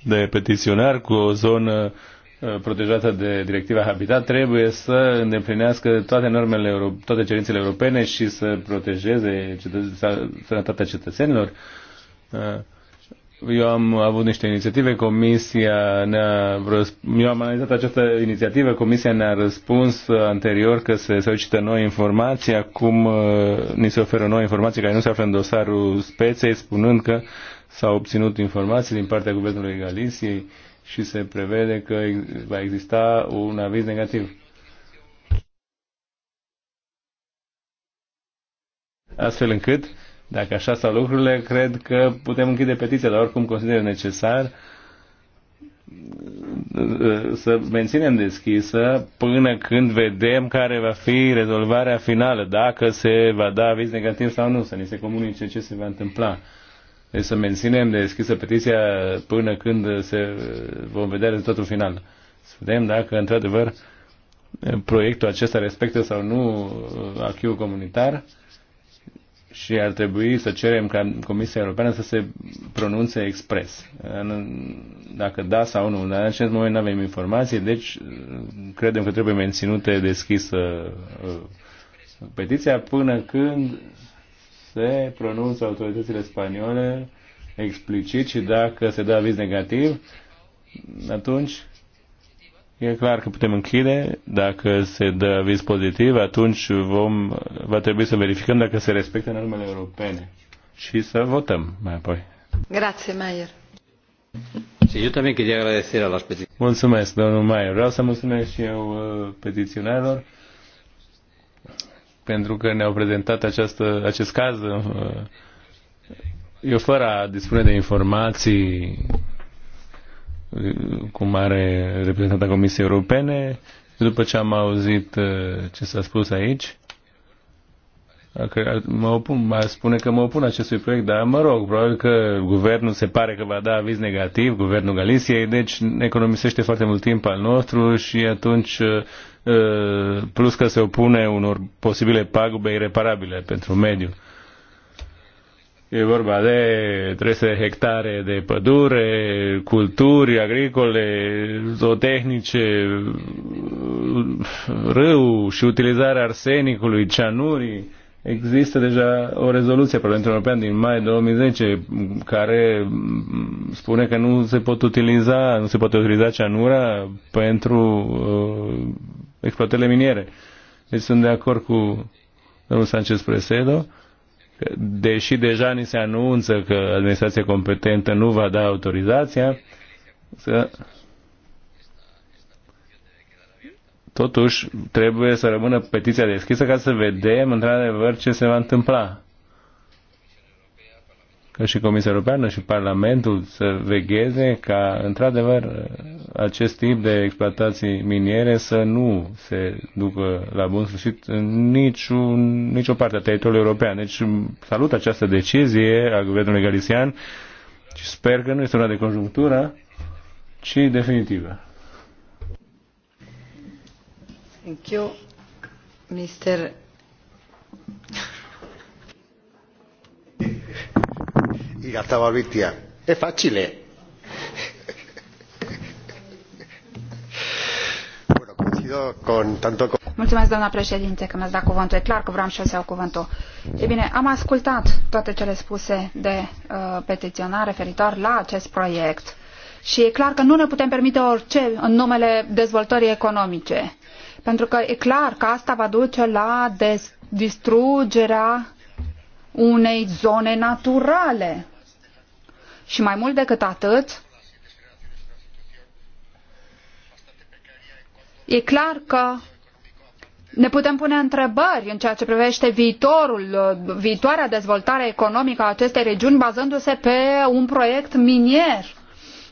de petiționar cu o zonă Uh, protejată de directiva Habitat trebuie să îndeplinească toate normele, toate cerințele europene și să protejeze sănătatea cetățenilor. Uh, eu am avut niște inițiative, comisia ne-a eu am analizat această inițiativă, comisia ne-a răspuns uh, anterior că se solicită noi informații, acum ni se oferă noi informații care nu se află în dosarul speței, spunând că s-au obținut informații din partea Guvernului Galiciei și se prevede că va exista un aviz negativ. Astfel încât, dacă așa stau lucrurile, cred că putem închide petiția, dar oricum consider necesar uh, să menținem deschisă până când vedem care va fi rezolvarea finală, dacă se va da aviz negativ sau nu, să ni se comunice ce se va întâmpla. Deci să menținem deschisă petiția până când se vom vedea rezultatul final. Să vedem dacă, într-adevăr, proiectul acesta respectă sau nu uh, acquis comunitar și ar trebui să cerem ca Comisia Europeană să se pronunțe expres. Dacă da sau nu. Dar în acest moment nu avem informații, deci uh, credem că trebuie menținute deschisă uh, petiția până când se pronunță autoritățile spaniole explicit și dacă se dă aviz negativ, atunci e clar că putem închide. Dacă se dă aviz pozitiv, atunci vom, va trebui să verificăm dacă se respectă normele europene și să votăm mai apoi. Grazie, Maier. Și eu también quería agradecer a las peticiones. Mulțumesc, domnul Maier. Vreau să mulțumesc și eu uh, petiționarilor pentru că ne-au prezentat această, acest caz. Uh, eu fără a dispune de informații uh, cum are reprezentanta Comisiei Europene, după ce am auzit uh, ce s-a spus aici, mă opun, Mă spune că mă opun acestui proiect, dar mă rog, probabil că guvernul se pare că va da aviz negativ, guvernul Galiciei, deci economisește foarte mult timp al nostru și atunci uh, uh, plus că se opune unor posibile pagube ireparabile pentru mediu. E vorba de 300 de hectare de pădure, culturi agricole, zootehnice, râu și utilizarea arsenicului, cianurii. Există deja o rezoluție a Parlamentului European din mai 2010 care spune că nu se pot utiliza, nu se poate utiliza cianura pentru uh, exploatările miniere. Deci sunt de acord cu domnul Sanchez Presedo că deși deja ni se anunță că administrația competentă nu va da autorizația, să Totuși, trebuie să rămână petiția deschisă ca să vedem într-adevăr ce se va întâmpla. Că și Comisia Europeană și Parlamentul să vegheze ca, într-adevăr, acest tip de exploatații miniere să nu se ducă la bun sfârșit în niciun, nicio parte a teritoriului european. Deci salut această decizie a Guvernului Galician și sper că nu este una de conjunctură, ci definitivă. Thank you. Igazabalbitia. È facile. bueno, coincido con tanto con... Mulțumesc, doamna președinte, că mi-ați dat cuvântul. E clar că vreau și eu să iau cuvântul. E bine, am ascultat toate cele spuse de uh, petiționar referitor la acest proiect și e clar că nu ne putem permite orice în numele dezvoltării economice. Pentru că e clar că asta va duce la distrugerea unei zone naturale. Și mai mult decât atât, e clar că ne putem pune întrebări în ceea ce privește viitorul, viitoarea dezvoltare economică a acestei regiuni bazându-se pe un proiect minier.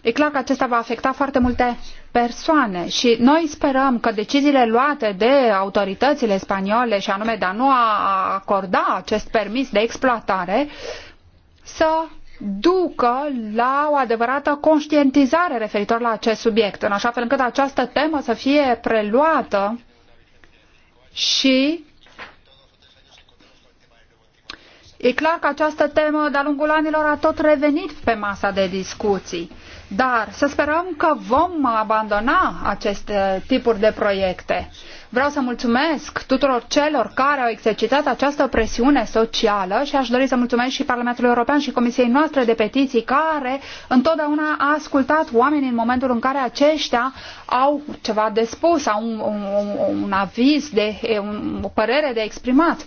E clar că acesta va afecta foarte multe persoane și noi sperăm că deciziile luate de autoritățile spaniole și anume de a nu acorda acest permis de exploatare să ducă la o adevărată conștientizare referitor la acest subiect, în așa fel încât această temă să fie preluată și e clar că această temă de-a lungul anilor a tot revenit pe masa de discuții dar să sperăm că vom abandona aceste tipuri de proiecte. Vreau să mulțumesc tuturor celor care au exercitat această presiune socială și aș dori să mulțumesc și Parlamentului European și Comisiei noastre de petiții care întotdeauna a ascultat oamenii în momentul în care aceștia au ceva de spus, au un, un, un aviz, de, un, o părere de exprimat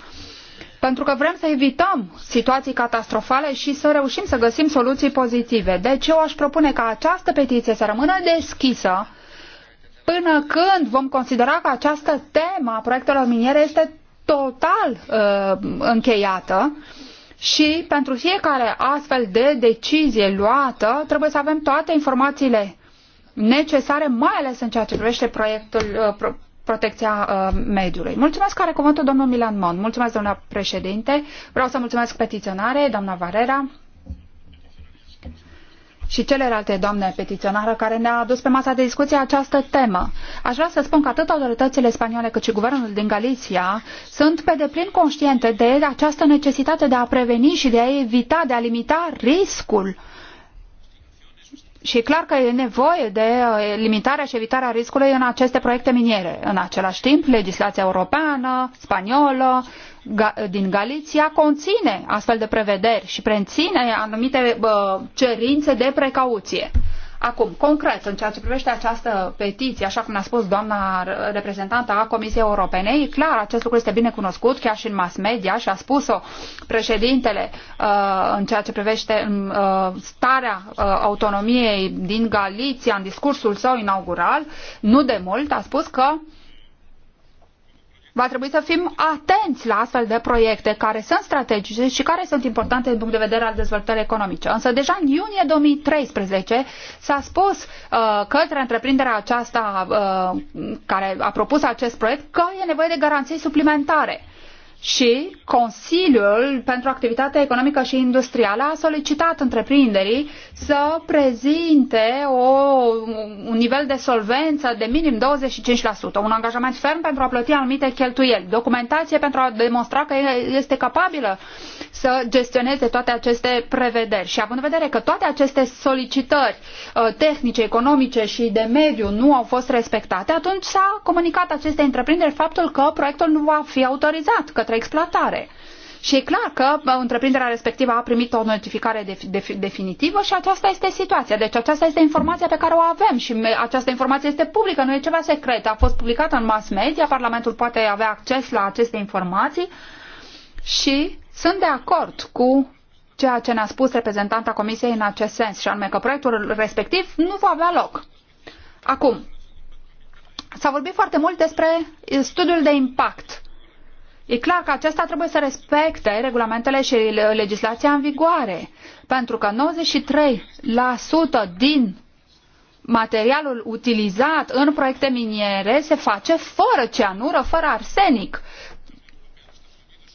pentru că vrem să evităm situații catastrofale și să reușim să găsim soluții pozitive. Deci eu aș propune ca această petiție să rămână deschisă până când vom considera că această temă a proiectelor miniere este total uh, încheiată și pentru fiecare astfel de decizie luată trebuie să avem toate informațiile necesare, mai ales în ceea ce privește proiectul, uh, protecția uh, mediului. Mulțumesc, care cuvântul domnul Milan Mon. Mulțumesc, doamna președinte. Vreau să mulțumesc petiționare, doamna Varera și celelalte doamne petiționară care ne-a adus pe masa de discuție această temă. Aș vrea să spun că atât autoritățile spaniole cât și guvernul din Galicia sunt pe deplin conștiente de această necesitate de a preveni și de a evita, de a limita riscul și e clar că e nevoie de uh, limitarea și evitarea riscului în aceste proiecte miniere. În același timp, legislația europeană, spaniolă, din Galiția conține astfel de prevederi și preține anumite uh, cerințe de precauție. Acum, concret, în ceea ce privește această petiție, așa cum a spus doamna reprezentantă a Comisiei Europene, e clar, acest lucru este bine cunoscut, chiar și în mass media, și a spus-o președintele uh, în ceea ce privește uh, starea uh, autonomiei din Galiția, în discursul său inaugural, nu de mult, a spus că Va trebui să fim atenți la astfel de proiecte care sunt strategice și care sunt importante din punct de vedere al dezvoltării economice. Însă deja în iunie 2013 s-a spus uh, către întreprinderea aceasta uh, care a propus acest proiect că e nevoie de garanții suplimentare și Consiliul pentru Activitatea Economică și Industrială a solicitat întreprinderii să prezinte o, un nivel de solvență de minim 25%, un angajament ferm pentru a plăti anumite cheltuieli, documentație pentru a demonstra că este capabilă să gestioneze toate aceste prevederi. Și având în vedere că toate aceste solicitări uh, tehnice, economice și de mediu nu au fost respectate, atunci s-a comunicat aceste întreprinderi faptul că proiectul nu va fi autorizat către către exploatare. Și e clar că întreprinderea respectivă a primit o notificare de, de, definitivă și aceasta este situația. Deci aceasta este informația pe care o avem și această informație este publică, nu e ceva secret. A fost publicată în mass media, Parlamentul poate avea acces la aceste informații și sunt de acord cu ceea ce ne-a spus reprezentanta Comisiei în acest sens, și anume că proiectul respectiv nu va avea loc. Acum, s-a vorbit foarte mult despre studiul de impact E clar că acesta trebuie să respecte regulamentele și legislația în vigoare, pentru că 93% din materialul utilizat în proiecte miniere se face fără ceanură, fără arsenic.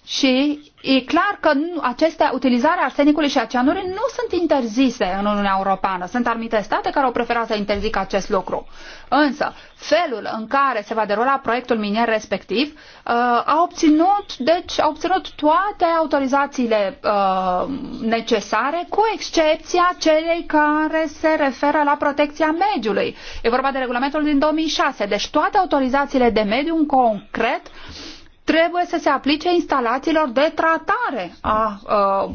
Și e clar că acestea, utilizarea arsenicului și a cianurii nu sunt interzise în Uniunea Europeană. Sunt anumite state care au preferat să interzică acest lucru. Însă, felul în care se va derula proiectul minier respectiv uh, a obținut, deci, a obținut toate autorizațiile uh, necesare, cu excepția celei care se referă la protecția mediului. E vorba de regulamentul din 2006. Deci toate autorizațiile de mediu în concret uh, trebuie să se aplice instalațiilor de tratare a, a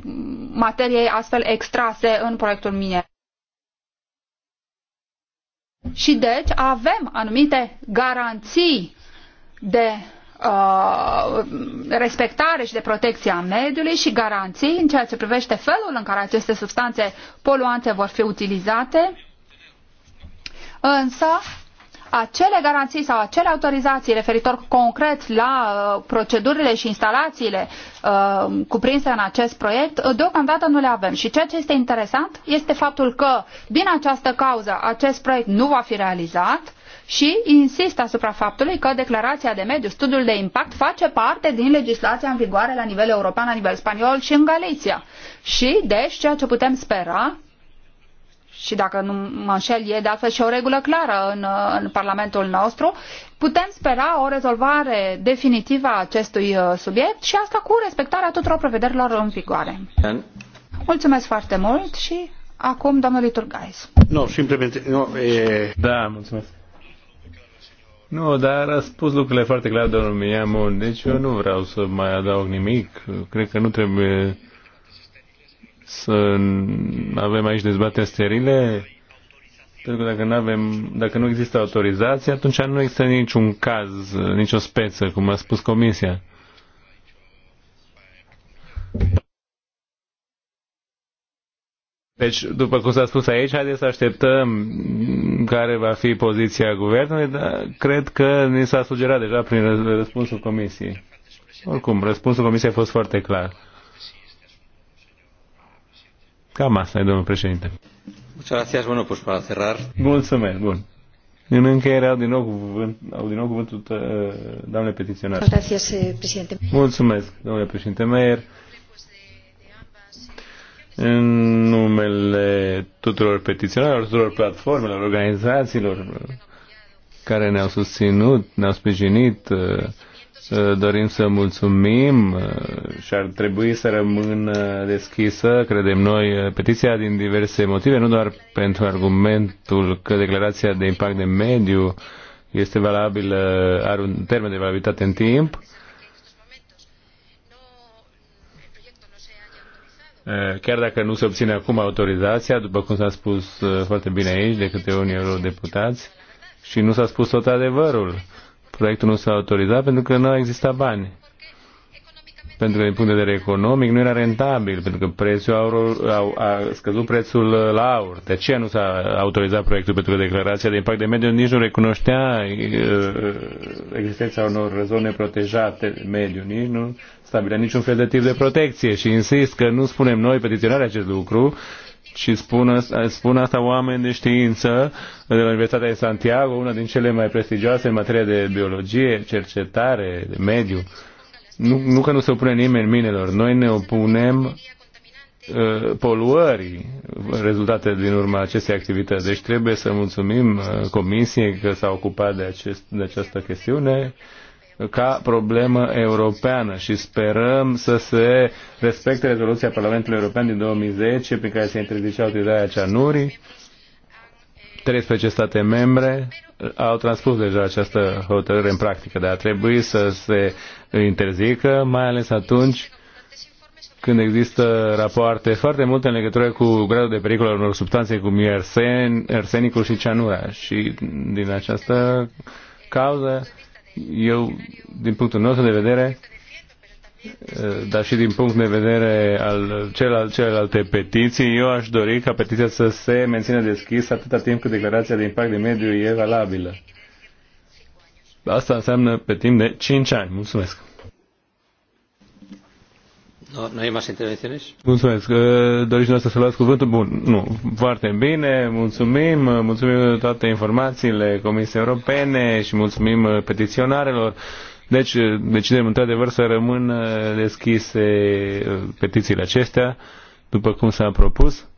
materiei astfel extrase în proiectul minier. Și deci avem anumite garanții de uh, respectare și de protecție a mediului și garanții în ceea ce privește felul în care aceste substanțe poluante vor fi utilizate. Însă acele garanții sau acele autorizații referitor concret la uh, procedurile și instalațiile uh, cuprinse în acest proiect, uh, deocamdată nu le avem. Și ceea ce este interesant este faptul că din această cauză acest proiect nu va fi realizat și insist asupra faptului că declarația de mediu, studiul de impact, face parte din legislația în vigoare la nivel european, la nivel spaniol și în Galiția. Și, deci, ceea ce putem spera și dacă nu mă înșel e de altfel și o regulă clară în, în Parlamentul nostru, putem spera o rezolvare definitivă a acestui uh, subiect și asta cu respectarea tuturor prevederilor în vigoare. Mulțumesc foarte mult și acum domnului Turgais. Nu, no, simplemente... No, e... Da, mulțumesc. Nu, dar a spus lucrurile foarte clar domnul Miamon, deci eu nu vreau să mai adaug nimic. Cred că nu trebuie să avem aici dezbateri sterile? Pentru că dacă nu, avem, dacă nu există autorizație, atunci nu există niciun caz, nicio speță, cum a spus Comisia. Deci, după cum s-a spus aici, haideți să așteptăm care va fi poziția guvernului, dar cred că ni s-a sugerat deja prin răspunsul comisiei. Oricum, răspunsul comisiei a fost foarte clar. Cam asta e, domnul președinte. Mulțumesc, bun. În încheiere au din nou, cuvânt, au din nou cuvântul uh, doamne petiționar. Eh, Mulțumesc, domnule președinte Meier. În numele tuturor petiționarilor, tuturor platformelor, organizațiilor care ne-au susținut, ne-au sprijinit, uh, dorim să mulțumim uh, și ar trebui să rămână deschisă, credem noi, uh, petiția din diverse motive, nu doar pentru argumentul că declarația de impact de mediu este valabilă, are un termen de valabilitate în timp, uh, chiar dacă nu se obține acum autorizația, după cum s-a spus foarte bine aici de câte unii eurodeputați, și nu s-a spus tot adevărul proiectul nu s-a autorizat pentru că nu exista bani. Pentru că din punct de vedere economic nu era rentabil, pentru că prețul aur, a, a scăzut prețul la aur. De ce nu s-a autorizat proiectul, pentru că declarația de impact de mediu nici nu recunoștea uh, existența unor zone protejate mediu, nici nu stabilea niciun fel de tip de protecție. Și insist că nu spunem noi, petiționarea, acest lucru, și spun, spun asta oameni de știință de la Universitatea de Santiago, una din cele mai prestigioase în materie de biologie, cercetare, de mediu. Nu, nu că nu se opune nimeni minelor, noi ne opunem uh, poluării rezultate din urma acestei activități. Deci trebuie să mulțumim uh, Comisiei că s-a ocupat de, acest, de această chestiune ca problemă europeană și sperăm să se respecte rezoluția Parlamentului European din 2010 prin care se interzicea utilizarea ceanurii. 13 state membre uh, au transpus deja această hotărâre în practică, dar trebuie să se interzică, mai ales atunci când există rapoarte foarte multe în legătură cu gradul de pericol al unor substanțe cum e arsen, arsenicul și cianura. Și din această cauză eu, din punctul nostru de vedere, eh, dar și din punct de vedere al celelalte, celelalte petiții, eu aș dori ca petiția să se mențină deschisă atâta timp cât declarația de impact de mediu e valabilă. Asta înseamnă pe timp de 5 ani. Mulțumesc! Nu, e más intervenciones? Mulțumesc. Doriți noastră să luați cuvântul? Bun. Nu. Foarte bine. Mulțumim. Mulțumim de toate informațiile Comisiei Europene și mulțumim petiționarelor. Deci decidem într-adevăr să rămână deschise uh, petițiile acestea, după cum s-a propus.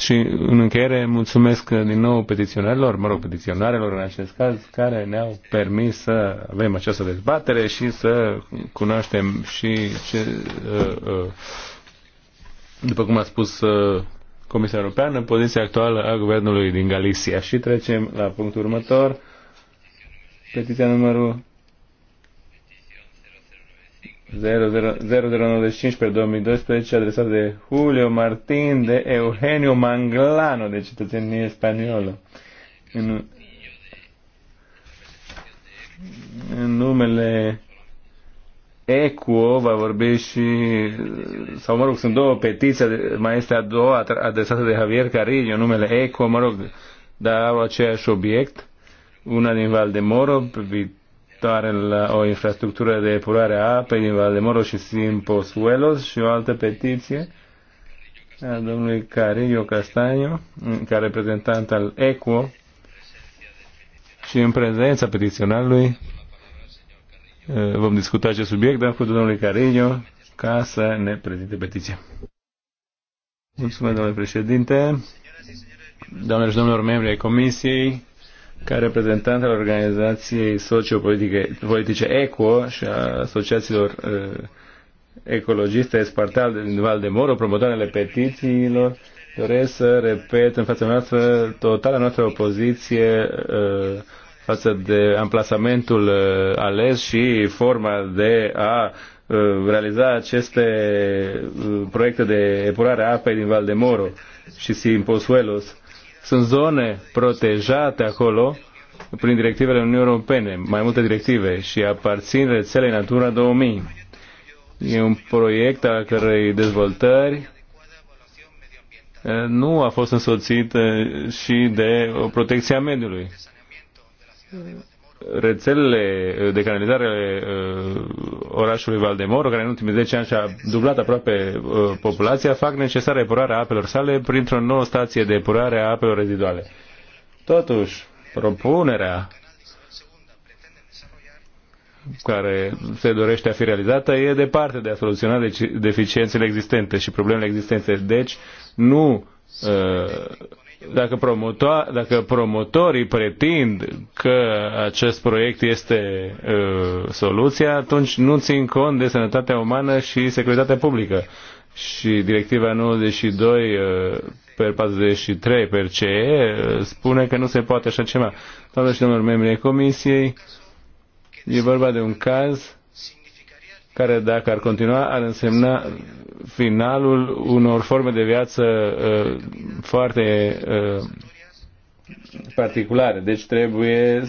Și în încheiere mulțumesc din nou petiționarilor, mă rog, petiționarelor în acest caz, care ne-au permis să avem această dezbatere și să cunoaștem și ce, uh, uh, după cum a spus uh, Comisia Europeană, poziția actuală a guvernului din Galicia. Și trecem la punctul următor, petiția numărul 0095 pe 2012 adresat de Julio Martín de Eugenio Manglano de cetățenie spaniolă. În, în numele Equo va vorbi și, sau mă rog, sunt două petiții, mai este a doua adresată de Javier Carillo, numele Equo, mă rog, dar au aceeași obiect, una din Valdemoro, referitoare la o infrastructură de epurare a apei din Valdemoro și Simposuelos și o altă petiție a domnului Carillo Castaño, ca reprezentant al ECO și în prezența petiționalului eh, vom discuta acest subiect, dar cu domnului Carillo ca să ne prezinte petiția. Mulțumesc, domnule președinte, doamnelor și domnilor membri ai Comisiei, ca reprezentant al organizației sociopolitice ECO și a asociațiilor uh, ecologiste Spartal din Val de Moro, promotoarele petițiilor, doresc să repet în fața noastră totala noastră opoziție uh, față de amplasamentul uh, ales și forma de a uh, realiza aceste uh, proiecte de epurare a apei din Valdemoro de Moro și Simposuelos. Sunt zone protejate acolo prin directivele Uniunii Europene, mai multe directive, și aparțin rețelei Natura 2000. E un proiect al cărei dezvoltări eh, nu a fost însoțit eh, și de protecția mediului rețelele de canalizare ale uh, orașului Valdemoro, care în ultimii 10 ani și-a dublat aproape uh, populația, fac necesară epurarea apelor sale printr-o nouă stație de epurare a apelor reziduale. Totuși, propunerea care se dorește a fi realizată e departe de a soluționa deci deficiențele existente și problemele existente. Deci, nu uh, dacă, promoto- dacă promotorii pretind că acest proiect este uh, soluția, atunci nu țin cont de sănătatea umană și securitatea publică. Și directiva 92 uh, per 43 per CE uh, spune că nu se poate așa ceva. Doamne și domnilor membrii Comisiei, e vorba de un caz care dacă ar continua ar însemna finalul unor forme de viață uh, foarte uh, particulare. Deci trebuie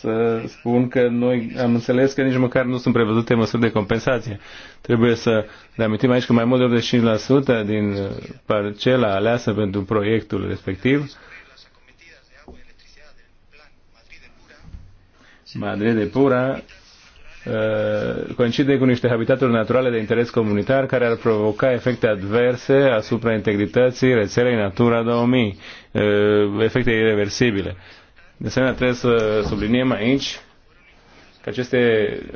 să spun că noi am înțeles că nici măcar nu sunt prevăzute măsuri de compensație. Trebuie să ne amintim aici că mai mult de 85% din parcela aleasă pentru proiectul respectiv Madrid de Pura Uh, coincide cu niște habitaturi naturale de interes comunitar care ar provoca efecte adverse asupra integrității rețelei Natura 2000, uh, efecte irreversibile. De asemenea, trebuie să subliniem aici că aceste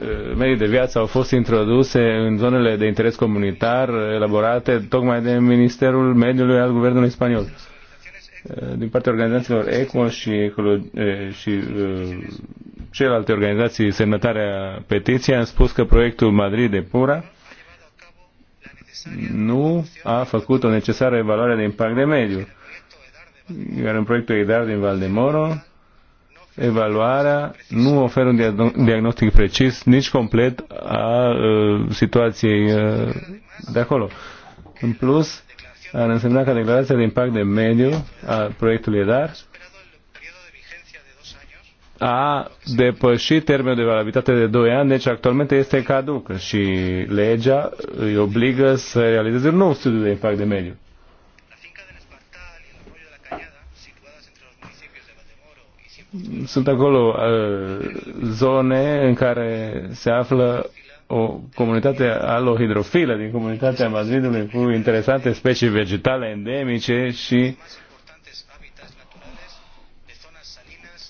uh, medii de viață au fost introduse în zonele de interes comunitar elaborate tocmai de Ministerul Mediului al Guvernului Spaniol din partea organizațiilor ECO și, ecolo- și celelalte organizații semnătare a petiției, am spus că proiectul Madrid de Pura nu a făcut o necesară evaluare de impact de mediu. Iar în proiectul EIDAR din Valdemoro, evaluarea nu oferă un diagnostic precis, nici complet, a uh, situației uh, de acolo. În plus, ar însemna că declarația de impact de mediu a proiectului EDAR a depășit termenul de valabilitate de 2 ani, deci actualmente este caduc, și legea îi obligă să realizeze un nou studiu de impact de mediu. Sunt acolo uh, zone în care se află o comunitate alohidrofilă din comunitatea Madridului cu interesante specii vegetale endemice și uh,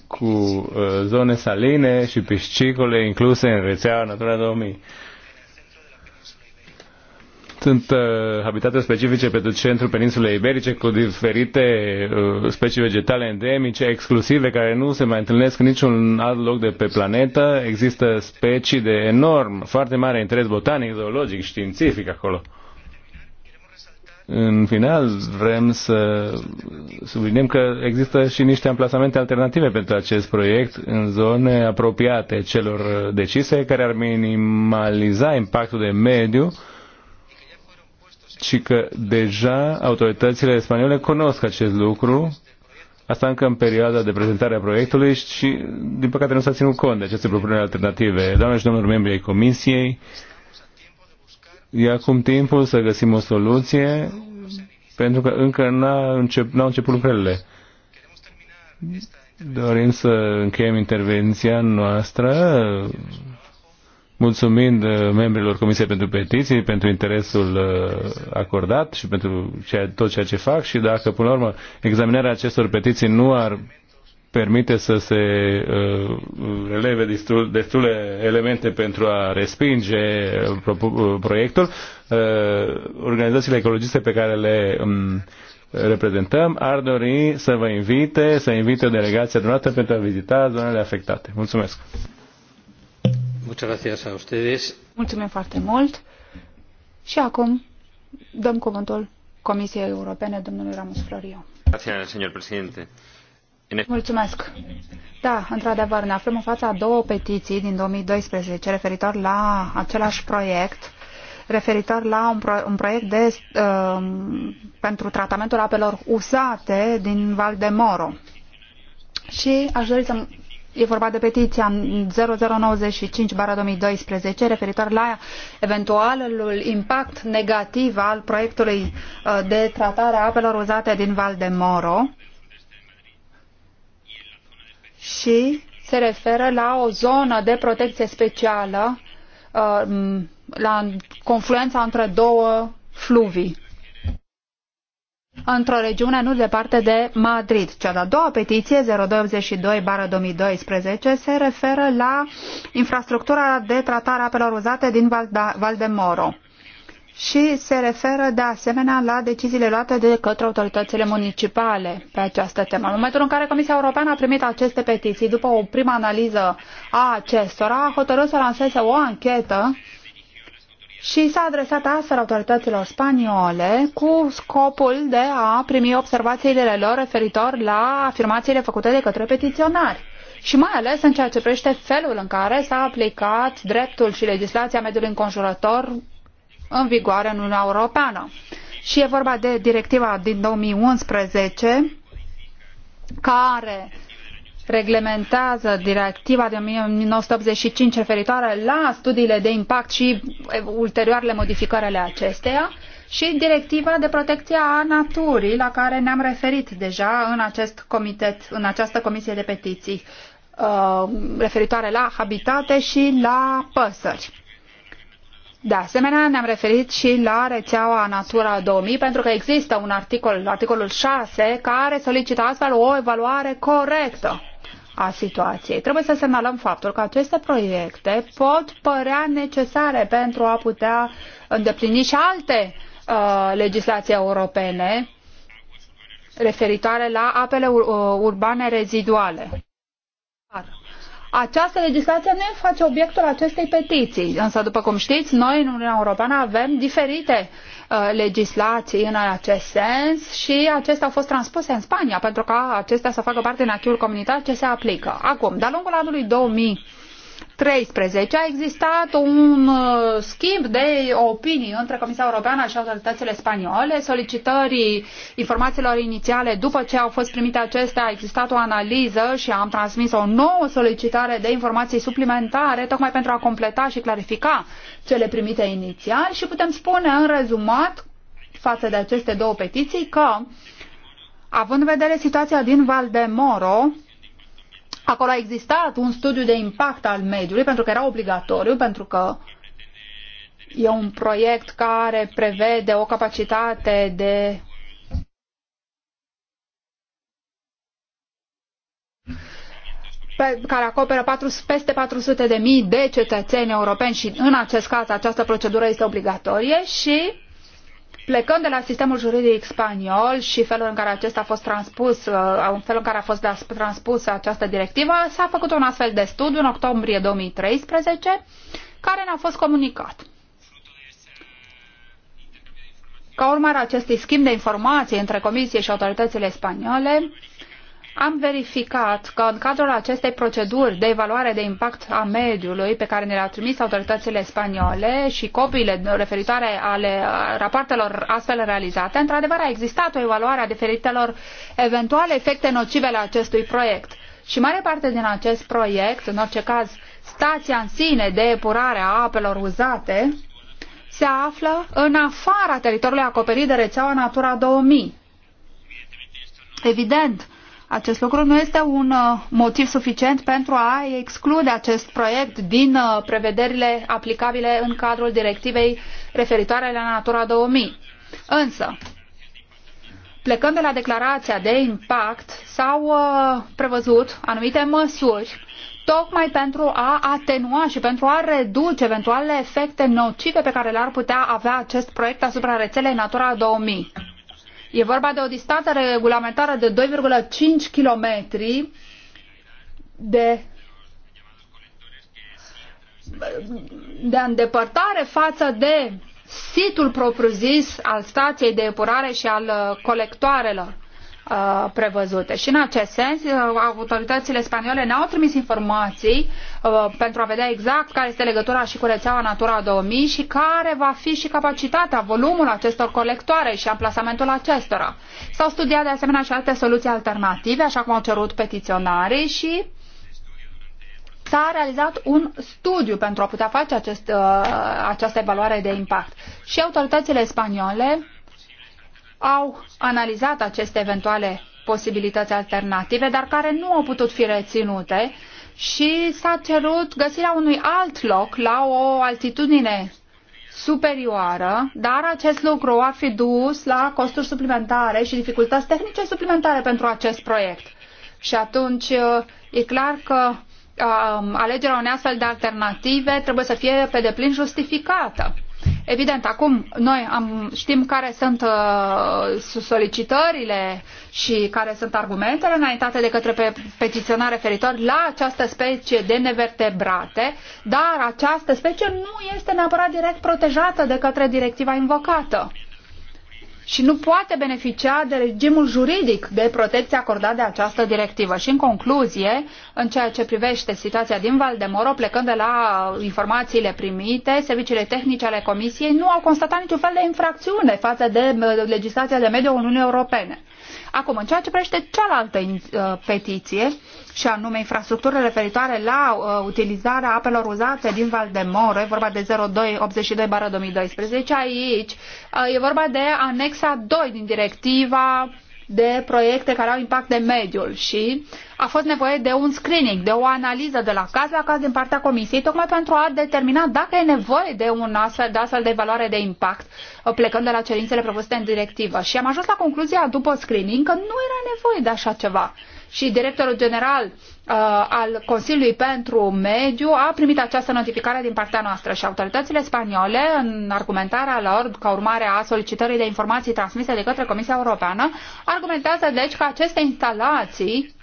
cu uh, zone saline și piscicole incluse în rețeaua Natura 2000. Sunt uh, habitate specifice pentru centrul peninsulei iberice cu diferite uh, specii vegetale endemice, exclusive, care nu se mai întâlnesc în niciun alt loc de pe planetă. Există specii de enorm, foarte mare interes botanic, zoologic, științific acolo. În final, vrem să subliniem că există și niște amplasamente alternative pentru acest proiect în zone apropiate celor decise, care ar minimaliza impactul de mediu și că deja autoritățile spaniole cunosc acest lucru, asta încă în perioada de prezentare a proiectului și, din păcate, nu s-a ținut cont de aceste propuneri alternative. Doamne și domnilor membri ai Comisiei, E acum timpul să găsim o soluție, pentru că încă n-au încep, început lucrările. Dorim să încheiem intervenția noastră mulțumind uh, membrilor Comisiei pentru Petiții pentru interesul uh, acordat și pentru ceea, tot ceea ce fac și dacă, până la urmă, examinarea acestor petiții nu ar permite să se uh, releve destul, destule elemente pentru a respinge uh, uh, proiectul. organizațiile ecologiste pe care le um, reprezentăm ar dori să vă invite, să invite o delegație adunată pentru a vizita zonele afectate. Mulțumesc! Mulțumim foarte mult! Și acum dăm cuvântul Comisiei Europene, domnului Ramos Florio. Gracias, señor presidente. Mulțumesc. Da, într-adevăr, ne aflăm în fața două petiții din 2012 referitor la același proiect referitor la un, pro- un proiect de, uh, pentru tratamentul apelor usate din Val de Moro. Și aș dori să E vorba de petiția 0095-2012 referitor la eventualul impact negativ al proiectului uh, de tratare a apelor uzate din Val de Moro și se referă la o zonă de protecție specială uh, la confluența între două fluvii într-o regiune nu departe de Madrid. Cea de-a doua petiție, 0282-2012, se referă la infrastructura de tratare a apelor uzate din Valdemoro și se referă de asemenea la deciziile luate de către autoritățile municipale pe această temă. În momentul în care Comisia Europeană a primit aceste petiții, după o primă analiză a acestora, a hotărât să lanseze o anchetă și s-a adresat astfel autorităților spaniole cu scopul de a primi observațiile lor referitor la afirmațiile făcute de către petiționari și mai ales în ceea ce privește felul în care s-a aplicat dreptul și legislația mediului înconjurător în vigoare în Uniunea Europeană. Și e vorba de directiva din 2011 care reglementează directiva de 1985 referitoare la studiile de impact și ulterioarele modificări ale acesteia și directiva de protecție a naturii la care ne-am referit deja în acest comitet, în această comisie de petiții uh, referitoare la habitate și la păsări. De asemenea, ne-am referit și la rețeaua Natura 2000, pentru că există un articol, articolul 6, care solicită astfel o evaluare corectă a situației. Trebuie să semnalăm faptul că aceste proiecte pot părea necesare pentru a putea îndeplini și alte uh, legislații europene referitoare la apele ur uh, urbane reziduale. Această legislație nu face obiectul acestei petiții, însă, după cum știți, noi în Uniunea Europeană avem diferite uh, legislații în acest sens și acestea au fost transpuse în Spania pentru ca acestea să facă parte din acquis comunitar ce se aplică. Acum, de-a lungul anului 2000, 2013 a existat un uh, schimb de opinii între Comisia Europeană și autoritățile spaniole, solicitării informațiilor inițiale după ce au fost primite acestea, a existat o analiză și am transmis o nouă solicitare de informații suplimentare, tocmai pentru a completa și clarifica cele primite inițial și putem spune în rezumat față de aceste două petiții că, având în vedere situația din Valdemoro, Acolo a existat un studiu de impact al mediului, pentru că era obligatoriu, pentru că e un proiect care prevede o capacitate de Pe, care acoperă 4, peste 400 de mii de cetățeni europeni și în acest caz această procedură este obligatorie și Plecând de la sistemul juridic spaniol și felul în care acesta a fost transpus, uh, felul în care a fost transpusă această directivă, s-a făcut un astfel de studiu în octombrie 2013, care ne-a fost comunicat. Ca urmare a acestui schimb de informații între Comisie și autoritățile spaniole, am verificat că în cadrul acestei proceduri de evaluare de impact a mediului pe care ne le-au trimis autoritățile spaniole și copiile referitoare ale rapoartelor astfel realizate, într-adevăr a existat o evaluare a diferitelor eventuale efecte nocive ale acestui proiect. Și mare parte din acest proiect, în orice caz stația în sine de epurare a apelor uzate, se află în afara teritoriului acoperit de rețeaua Natura 2000. Evident, acest lucru nu este un uh, motiv suficient pentru a exclude acest proiect din uh, prevederile aplicabile în cadrul directivei referitoare la Natura 2000. Însă, plecând de la declarația de impact, s-au uh, prevăzut anumite măsuri tocmai pentru a atenua și pentru a reduce eventualele efecte nocive pe care le-ar putea avea acest proiect asupra rețelei Natura 2000. E vorba de o distanță regulamentară de 2,5 km de de îndepărtare față de situl propriu-zis al stației de epurare și al uh, colectoarelor. Uh, prevăzute. Și în acest sens, uh, autoritățile spaniole ne-au trimis informații uh, pentru a vedea exact care este legătura și cu rețeaua Natura 2000 și care va fi și capacitatea, volumul acestor colectoare și amplasamentul acestora. S-au studiat de asemenea și alte soluții alternative, așa cum au cerut petiționarii și s-a realizat un studiu pentru a putea face acest, această evaluare de impact. Și autoritățile spaniole au analizat aceste eventuale posibilități alternative, dar care nu au putut fi reținute și s-a cerut găsirea unui alt loc la o altitudine superioară, dar acest lucru ar fi dus la costuri suplimentare și dificultăți tehnice suplimentare pentru acest proiect. Și atunci e clar că um, alegerea unei astfel de alternative trebuie să fie pe deplin justificată. Evident, acum noi am, știm care sunt uh, solicitările și care sunt argumentele înaintate de către pe, petiționar referitor la această specie de nevertebrate, dar această specie nu este neapărat direct protejată de către directiva invocată și nu poate beneficia de regimul juridic de protecție acordat de această directivă. Și în concluzie, în ceea ce privește situația din Valdemoro, plecând de la uh, informațiile primite, serviciile tehnice ale Comisiei nu au constatat niciun fel de infracțiune față de uh, legislația de mediu a Uniunii Europene. Acum, în ceea ce privește cealaltă uh, petiție, și anume infrastructurile referitoare la uh, utilizarea apelor uzate din Moro, e vorba de 0282-2012. Aici uh, e vorba de anexa 2 din directiva de proiecte care au impact de mediul și a fost nevoie de un screening, de o analiză de la caz la caz din partea comisiei, tocmai pentru a determina dacă e nevoie de un astfel de, astfel de evaluare de impact, uh, plecând de la cerințele propuse în directivă. Și am ajuns la concluzia după screening că nu era nevoie de așa ceva și directorul general uh, al Consiliului pentru Mediu a primit această notificare din partea noastră și autoritățile spaniole, în argumentarea lor ca urmare a solicitării de informații transmise de către Comisia Europeană, argumentează deci că aceste instalații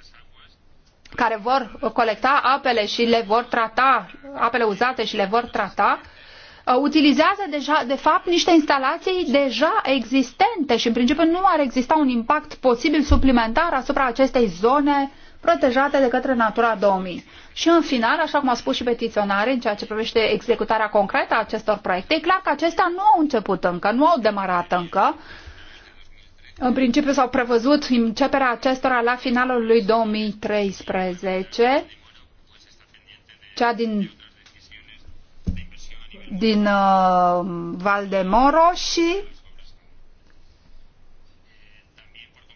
care vor colecta apele și le vor trata, apele uzate și le vor trata, uh, Uh, utilizează deja, de fapt, niște instalații deja existente și, în principiu, nu ar exista un impact posibil suplimentar asupra acestei zone protejate de către Natura 2000. Și în final, așa cum a spus și petiționare în ceea ce privește executarea concretă a acestor proiecte, e clar că acestea nu au început încă, nu au demarat încă. În principiu s-au prevăzut începerea acestora la finalul lui 2013. Cea din din uh, Valdemoro și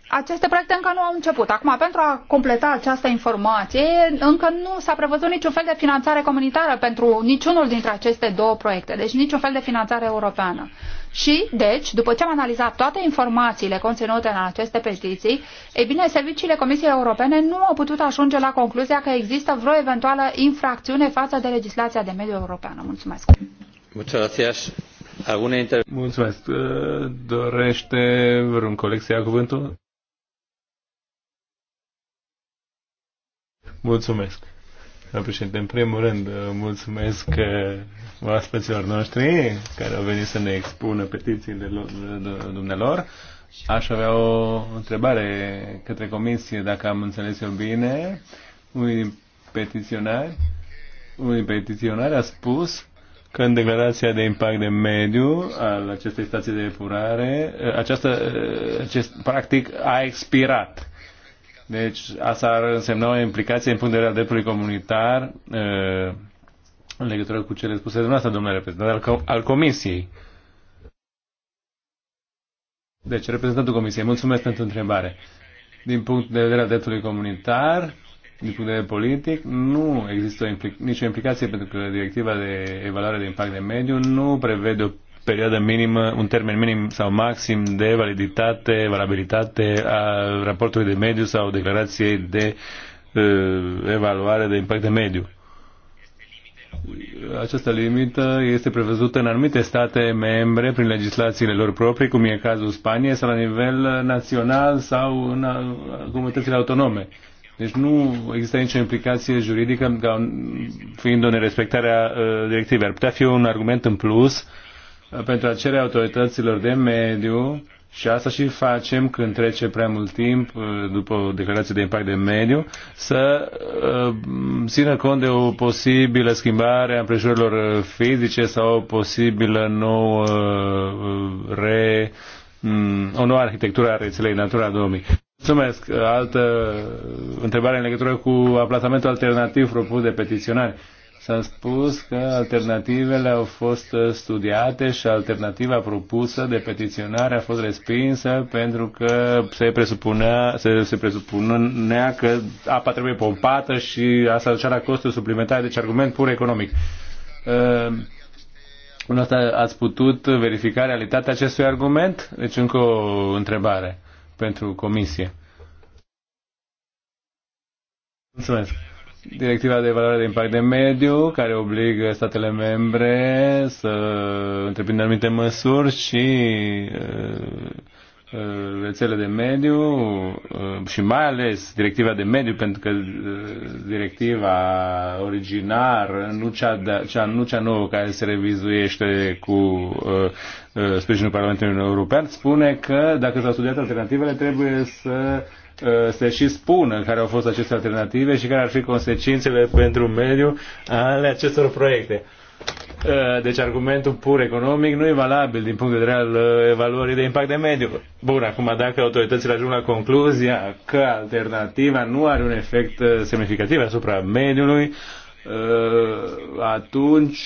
aceste proiecte încă nu au început. Acum, pentru a completa această informație, încă nu s-a prevăzut niciun fel de finanțare comunitară pentru niciunul dintre aceste două proiecte, deci niciun fel de finanțare europeană. Și, deci, după ce am analizat toate informațiile conținute în aceste petiții, e bine, serviciile Comisiei Europene nu au putut ajunge la concluzia că există vreo eventuală infracțiune față de legislația de mediu europeană. Mulțumesc! Mulțumesc! Mulțumesc. Uh, dorește vreun coleg să ia cuvântul? Mulțumesc. Doamna președinte, în primul rând, uh, mulțumesc uh, oaspeților noștri care au venit să ne expună petițiile dumnealor. Aș avea o întrebare către comisie, dacă am înțeles eu bine. Unii petiționari, unii petiționari a spus că în declarația de impact de mediu al acestei stații de epurare, această, acest, practic, a expirat. Deci asta ar însemna o implicație în punct de vedere al dreptului comunitar uh, în legătură cu cele spuse dumneavoastră, domnule reprezentant al, al Comisiei. Deci, reprezentantul Comisiei, mulțumesc pentru întrebare. Din punct de vedere al dreptului comunitar, din punct de vedere politic, nu există o implic- nicio implicație pentru că directiva de evaluare de impact de mediu nu prevede o perioadă minimă, un termen minim sau maxim de validitate, valabilitate a raportului de mediu sau declarației de uh, evaluare de impact de mediu această limită este prevăzută în anumite state membre prin legislațiile lor proprii, cum e cazul Spaniei, sau la nivel național sau în uh, comunitățile autonome. Deci nu există nicio implicație juridică ca fiind o nerespectare a uh, directivei. Ar putea fi un argument în plus uh, pentru a cere autorităților de mediu și asta și facem când trece prea mult timp, uh, după o declarație de impact de mediu, să uh, țină cont de o posibilă schimbare a împrejurilor uh, fizice sau o posibilă nouă re, mm, o nouă arhitectură a rețelei Natura 2000. Mulțumesc. Altă întrebare în legătură cu aplasamentul alternativ propus de petiționari. S-a spus că alternativele au fost studiate și alternativa propusă de petiționare a fost respinsă pentru că se presupunea, se, se presupunea că apa trebuie pompată și asta ducea la costuri suplimentare, deci argument pur economic. Uh, asta ați putut verifica realitatea acestui argument? Deci încă o întrebare pentru comisie. Mulțumesc directiva de evaluare de impact de mediu, care obligă statele membre să întreprindă anumite măsuri și uh, uh, rețele de mediu uh, și mai ales directiva de mediu, pentru că directiva originară, nu cea, de, cea, nu cea nouă care se revizuiește cu uh, uh, sprijinul Parlamentului European, spune că dacă s-au studiat alternativele, trebuie să Uh, se și spună care au fost aceste alternative și care ar fi consecințele pentru mediu ale acestor proiecte. Uh, deci argumentul pur economic nu e valabil din punct de vedere al uh, evaluării de impact de mediu. Bun, acum dacă autoritățile ajung la concluzia că alternativa nu are un efect semnificativ asupra mediului, atunci,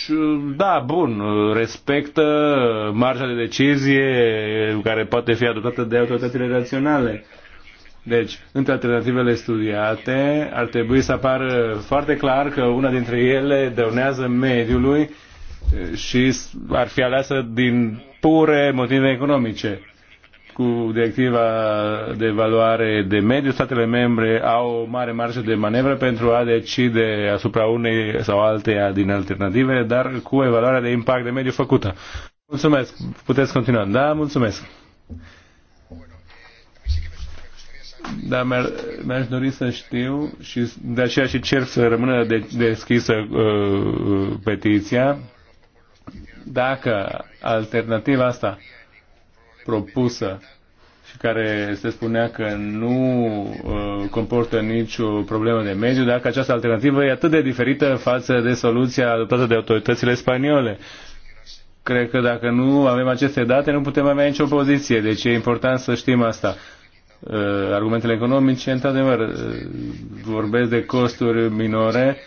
da, bun, respectă marja de decizie care poate fi adoptată de autoritățile raționale. Deci, între alternativele studiate, ar trebui să apară foarte clar că una dintre ele dăunează mediului eh, și ar fi aleasă din pure motive economice. Cu directiva de valoare de mediu, statele membre au o mare marjă de manevră pentru a decide asupra unei sau alteia din alternative, dar cu evaluarea de impact de mediu făcută. Mulțumesc. Puteți continua. Da, mulțumesc. Da, mi-aș dori să știu și de aceea și cer să rămână de, deschisă uh, petiția dacă alternativa asta propusă și care se spunea că nu uh, comportă nicio problemă de mediu, dacă această alternativă e atât de diferită față de soluția adoptată de autoritățile spaniole. Cred că dacă nu avem aceste date, nu putem avea nicio poziție, deci e important să știm asta. Eh, argumentele economice, într-adevăr, eh, vorbesc de costuri minore,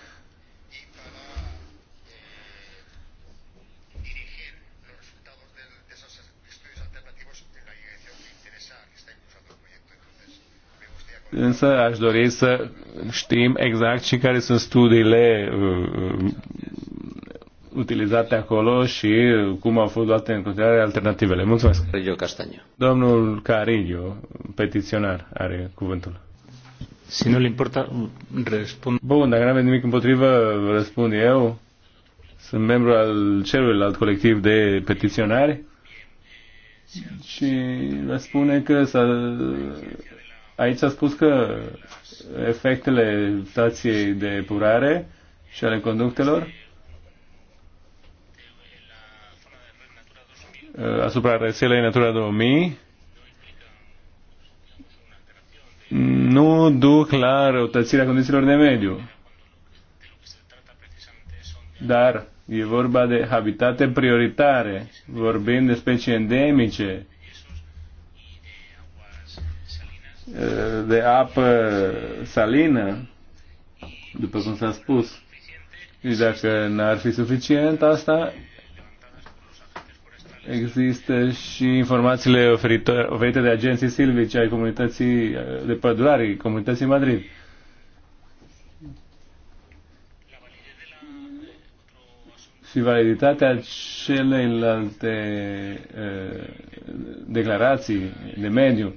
Însă aș dori să știm exact și care sunt studiile uh, utilizate acolo și cum au fost luate în considerare alternativele. Mulțumesc. Castaño. Domnul Carillo, Petiționar are cuvântul. Si nu le importa, răspund. Bun, dacă nu aveți nimic împotrivă, răspund eu. Sunt membru al celuilalt colectiv de petiționari și răspune că s-a, aici s-a spus că efectele stației de purare și ale conductelor uh, asupra rețelei Natura 2000 nu duc la răutățirea condițiilor de mediu. Dar e vorba de habitate prioritare, vorbim de specii endemice, de apă salină, după cum s-a spus. Și dacă n-ar fi suficient asta, Există și informațiile oferite, de agenții silvice ai comunității de pădurari, comunității Madrid. și validitatea celelalte eh, declarații de mediu.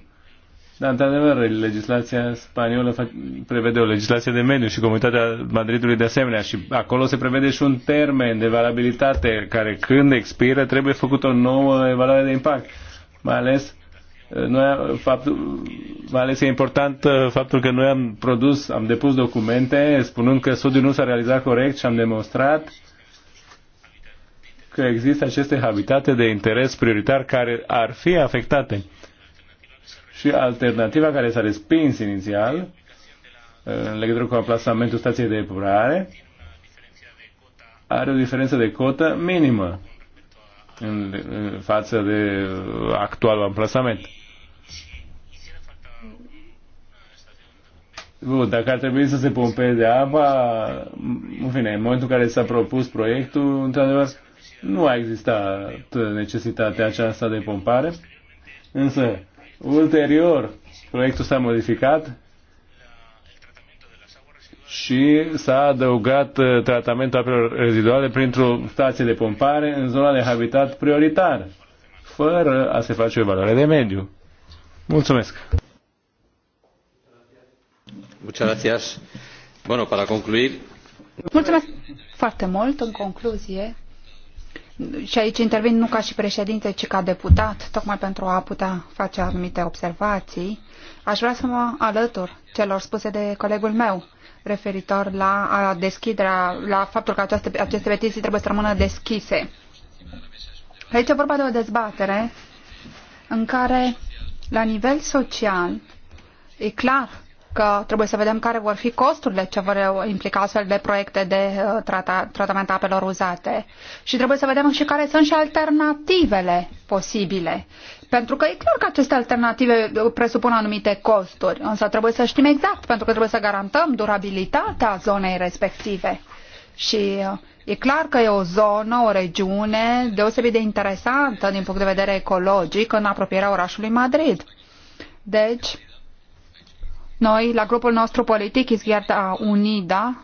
Da, într-adevăr, legislația spaniolă prevede o legislație de mediu și Comunitatea Madridului de asemenea și acolo se prevede și un termen de valabilitate care când expiră trebuie făcut o nouă evaluare de impact. Mai ales, eh, noi, faptul, mai ales e important eh, faptul că noi am produs, am depus documente spunând că studiul nu s-a realizat corect și am demonstrat că există aceste habitate de interes prioritar care ar fi afectate și alternativa care s-a respins inițial în legătură cu amplasamentul stației de epurare are o diferență de cotă minimă în, în față de actualul amplasament. Bun, dacă ar trebui să se pompeze apa, în fine, în momentul în care s-a propus proiectul, într-adevăr, nu a existat necesitatea aceasta de pompare, însă Ulterior, proiectul s-a modificat și s-a adăugat uh, tratamentul apelor reziduale printr-o stație de pompare în zona de habitat prioritar, fără a se face o evaluare de mediu. Mulțumesc! Muchas Mulțumesc foarte mult. În concluzie, și aici intervin nu ca și președinte, ci ca deputat, tocmai pentru a putea face anumite observații, aș vrea să mă alătur celor spuse de colegul meu referitor la deschiderea, la faptul că aceste aceste petiții trebuie să rămână deschise. Aici e vorba de o dezbatere în care, la nivel social, e clar că trebuie să vedem care vor fi costurile ce vor implica astfel de proiecte de uh, trata, tratament apelor uzate. Și trebuie să vedem și care sunt și alternativele posibile. Pentru că e clar că aceste alternative uh, presupun anumite costuri, însă trebuie să știm exact, pentru că trebuie să garantăm durabilitatea zonei respective. Și uh, e clar că e o zonă, o regiune deosebit de interesantă din punct de vedere ecologic în apropierea orașului Madrid. Deci, noi, la grupul nostru politic, Izgherda Unida,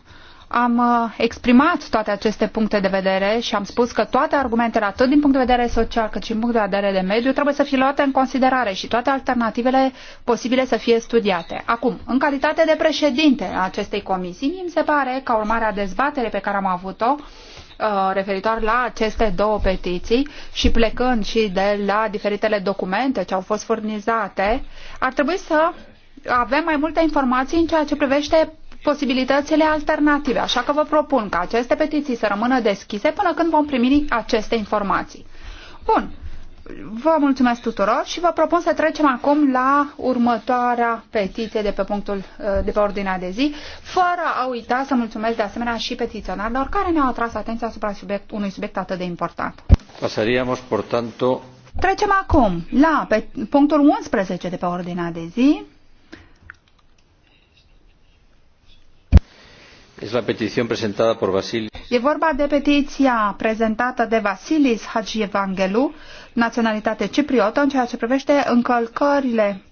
am uh, exprimat toate aceste puncte de vedere și am spus că toate argumentele, atât din punct de vedere social cât și din punct de vedere de mediu, trebuie să fie luate în considerare și toate alternativele posibile să fie studiate. Acum, în calitate de președinte a acestei comisii, mi se pare, ca urmare a pe care am avut-o, uh, referitor la aceste două petiții și plecând și de la diferitele documente ce au fost furnizate, ar trebui să avem mai multe informații în ceea ce privește posibilitățile alternative, așa că vă propun ca aceste petiții să rămână deschise până când vom primi aceste informații. Bun, vă mulțumesc tuturor și vă propun să trecem acum la următoarea petiție de pe punctul de pe ordinea de zi, fără a uita să mulțumesc de asemenea și petiționarilor care ne-au atras atenția asupra subiect, unui subiect atât de important. Pasaríamos, por tanto... Trecem acum la pe, punctul 11 de pe ordinea de zi, E vorba de petiția prezentată de Vasilis Hagievangelu, naționalitate cipriotă, în ceea ce privește încălcările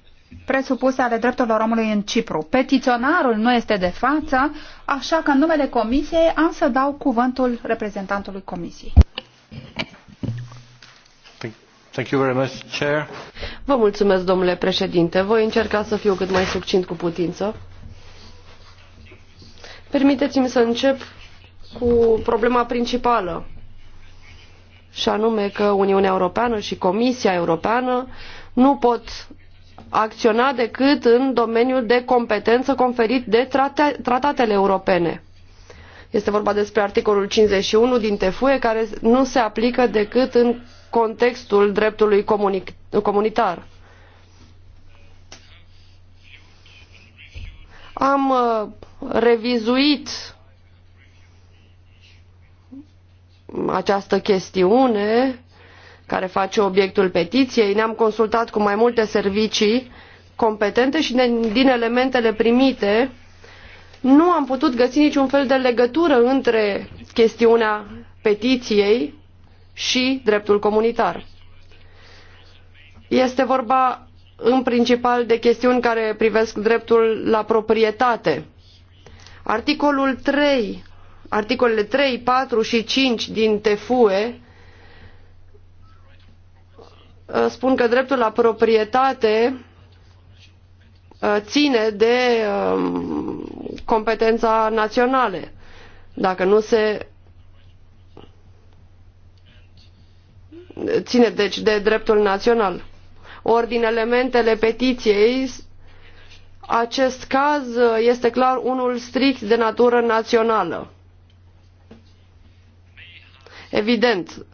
presupuse ale drepturilor omului în Cipru. Petiționarul nu este de față, așa că în numele comisiei am să dau cuvântul reprezentantului comisiei. Thank you very much, Chair. Vă mulțumesc, domnule președinte. Voi încerca să fiu cât mai succint cu putință. Permiteți-mi să încep cu problema principală, și anume că Uniunea Europeană și Comisia Europeană nu pot acționa decât în domeniul de competență conferit de tratatele europene. Este vorba despre articolul 51 din TFUE care nu se aplică decât în contextul dreptului comunitar. Am uh, revizuit această chestiune care face obiectul petiției. Ne-am consultat cu mai multe servicii competente și din elementele primite nu am putut găsi niciun fel de legătură între chestiunea petiției și dreptul comunitar. Este vorba în principal de chestiuni care privesc dreptul la proprietate Articolul 3, articolele 3, 4 și 5 din TFUE uh, spun că dreptul la proprietate uh, ține de um, competența națională. Dacă nu se ține deci de dreptul național. Ori din elementele petiției acest caz uh, este clar unul strict de natură națională. Evident,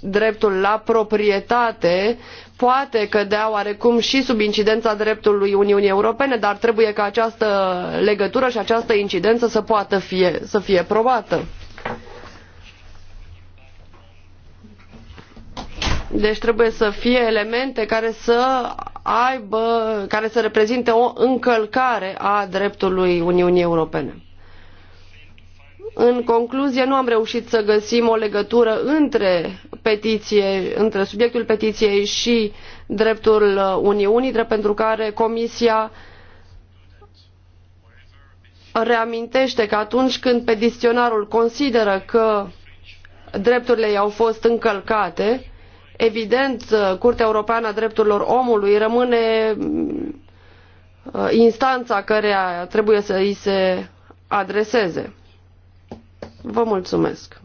dreptul la proprietate poate cădea oarecum și sub incidența dreptului Uniunii Europene, dar trebuie ca această legătură și această incidență să poată fi să fie probată. Deci trebuie să fie elemente care să aibă, care să reprezinte o încălcare a dreptului Uniunii Europene. În concluzie, nu am reușit să găsim o legătură între petiție, între subiectul petiției și dreptul Uniunii, drept pentru care Comisia reamintește că atunci când petiționarul consideră că drepturile i-au fost încălcate, Evident, uh, Curtea Europeană a Drepturilor Omului rămâne uh, instanța care trebuie să îi se adreseze. Vă mulțumesc.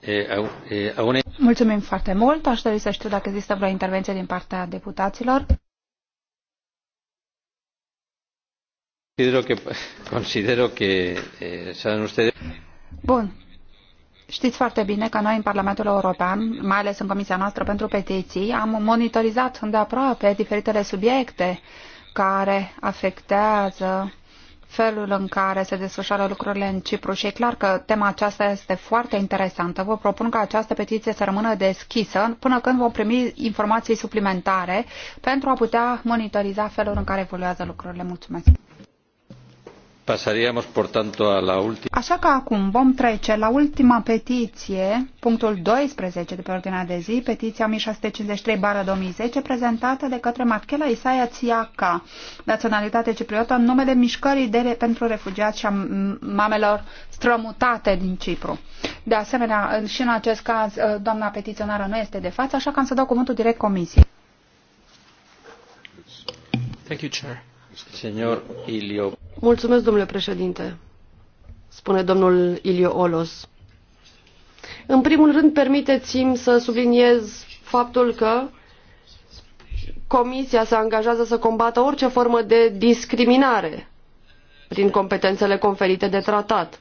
Eh, eh, Mulțumim foarte mult. Aș dori să știu dacă există vreo intervenție din partea deputaților. Considero că, considero că eh, Bun. Știți foarte bine că noi în Parlamentul European, mai ales în Comisia noastră pentru petiții, am monitorizat îndeaproape diferitele subiecte care afectează felul în care se desfășoară lucrurile în Cipru și e clar că tema aceasta este foarte interesantă. Vă propun ca această petiție să rămână deschisă până când vom primi informații suplimentare pentru a putea monitoriza felul în care evoluează lucrurile. Mulțumesc! Așa că acum vom trece la ultima petiție, punctul 12 de pe ordinea de zi, petiția 1653-2010, prezentată de către Marchela Isaia Țiaca, naționalitate cipriotă, în numele Mișcării de, pentru Refugiați și a mamelor strămutate din Cipru. De asemenea, și în acest caz, ă, doamna petiționară nu este de față, așa că am să dau cuvântul direct comisiei. Thank you, Chair. Mulțumesc, domnule președinte, spune domnul Ilio Olos. În primul rând, permiteți-mi să subliniez faptul că Comisia se angajează să combată orice formă de discriminare prin competențele conferite de tratat.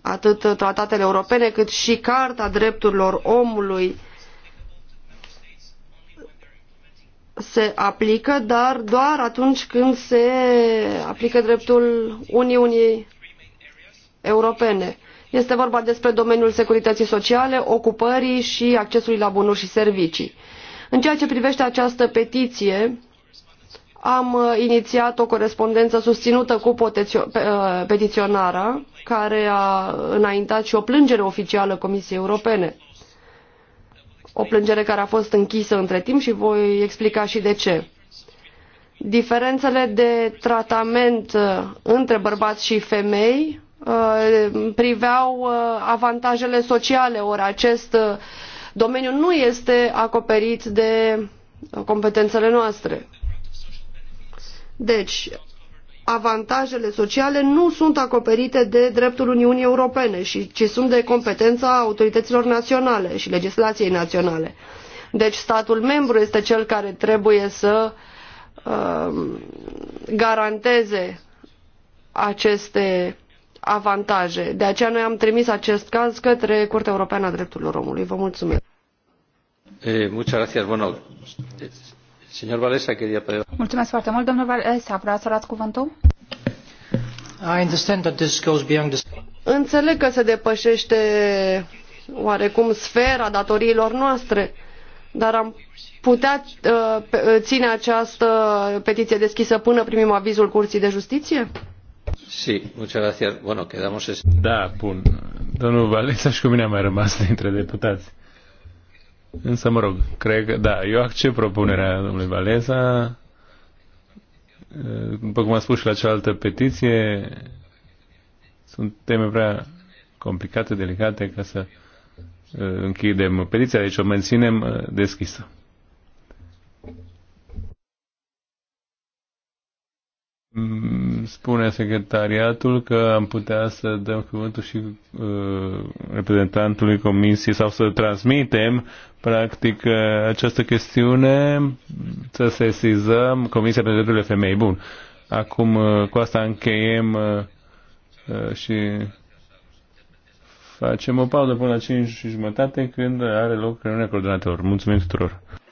Atât tratatele europene cât și Carta Drepturilor Omului se aplică, dar doar atunci când se aplică dreptul Uniunii Europene. Este vorba despre domeniul securității sociale, ocupării și accesului la bunuri și servicii. În ceea ce privește această petiție, am uh, inițiat o corespondență susținută cu uh, petiționara, care a înaintat și o plângere oficială Comisiei Europene o plângere care a fost închisă între timp și voi explica și de ce. Diferențele de tratament uh, între bărbați și femei uh, priveau uh, avantajele sociale, ori acest domeniu nu este acoperit de competențele noastre. Deci, avantajele sociale nu sunt acoperite de dreptul Uniunii Europene, ci sunt de competența autorităților naționale și legislației naționale. Deci statul membru este cel care trebuie să uh, garanteze aceste avantaje. De aceea noi am trimis acest caz către Curtea Europeană a Drepturilor Omului. Vă mulțumesc. Eh, Valesa, quería pedir. Mulțumesc foarte mult, domnul Valesa. să luați cuvântul? I understand that this goes beyond Înțeleg că se depășește oarecum sfera datoriilor noastre, dar am putea uh, uh, ține această petiție deschisă până primim avizul Curții de Justiție? Sí, muchas gracias. Bueno, quedamos... Da, pun, Domnul Valesa și cu mine am mai rămas dintre deputați. Însă, mă rog, cred că, da, eu accept propunerea domnului Valeza. După cum am spus și la cealaltă petiție, sunt teme prea complicate, delicate, ca să uh, închidem petiția, deci o menținem uh, deschisă. Mm, spune secretariatul că am putea să dăm cuvântul și uh, reprezentantului comisiei sau să transmitem practic, eh, această chestiune, să sesizăm Comisia pentru Drepturile Femei. Bun. Acum, eh, cu asta încheiem eh, și facem o pauză până la 5 și jumătate când are loc reuniunea coordonatorilor. Mulțumim tuturor!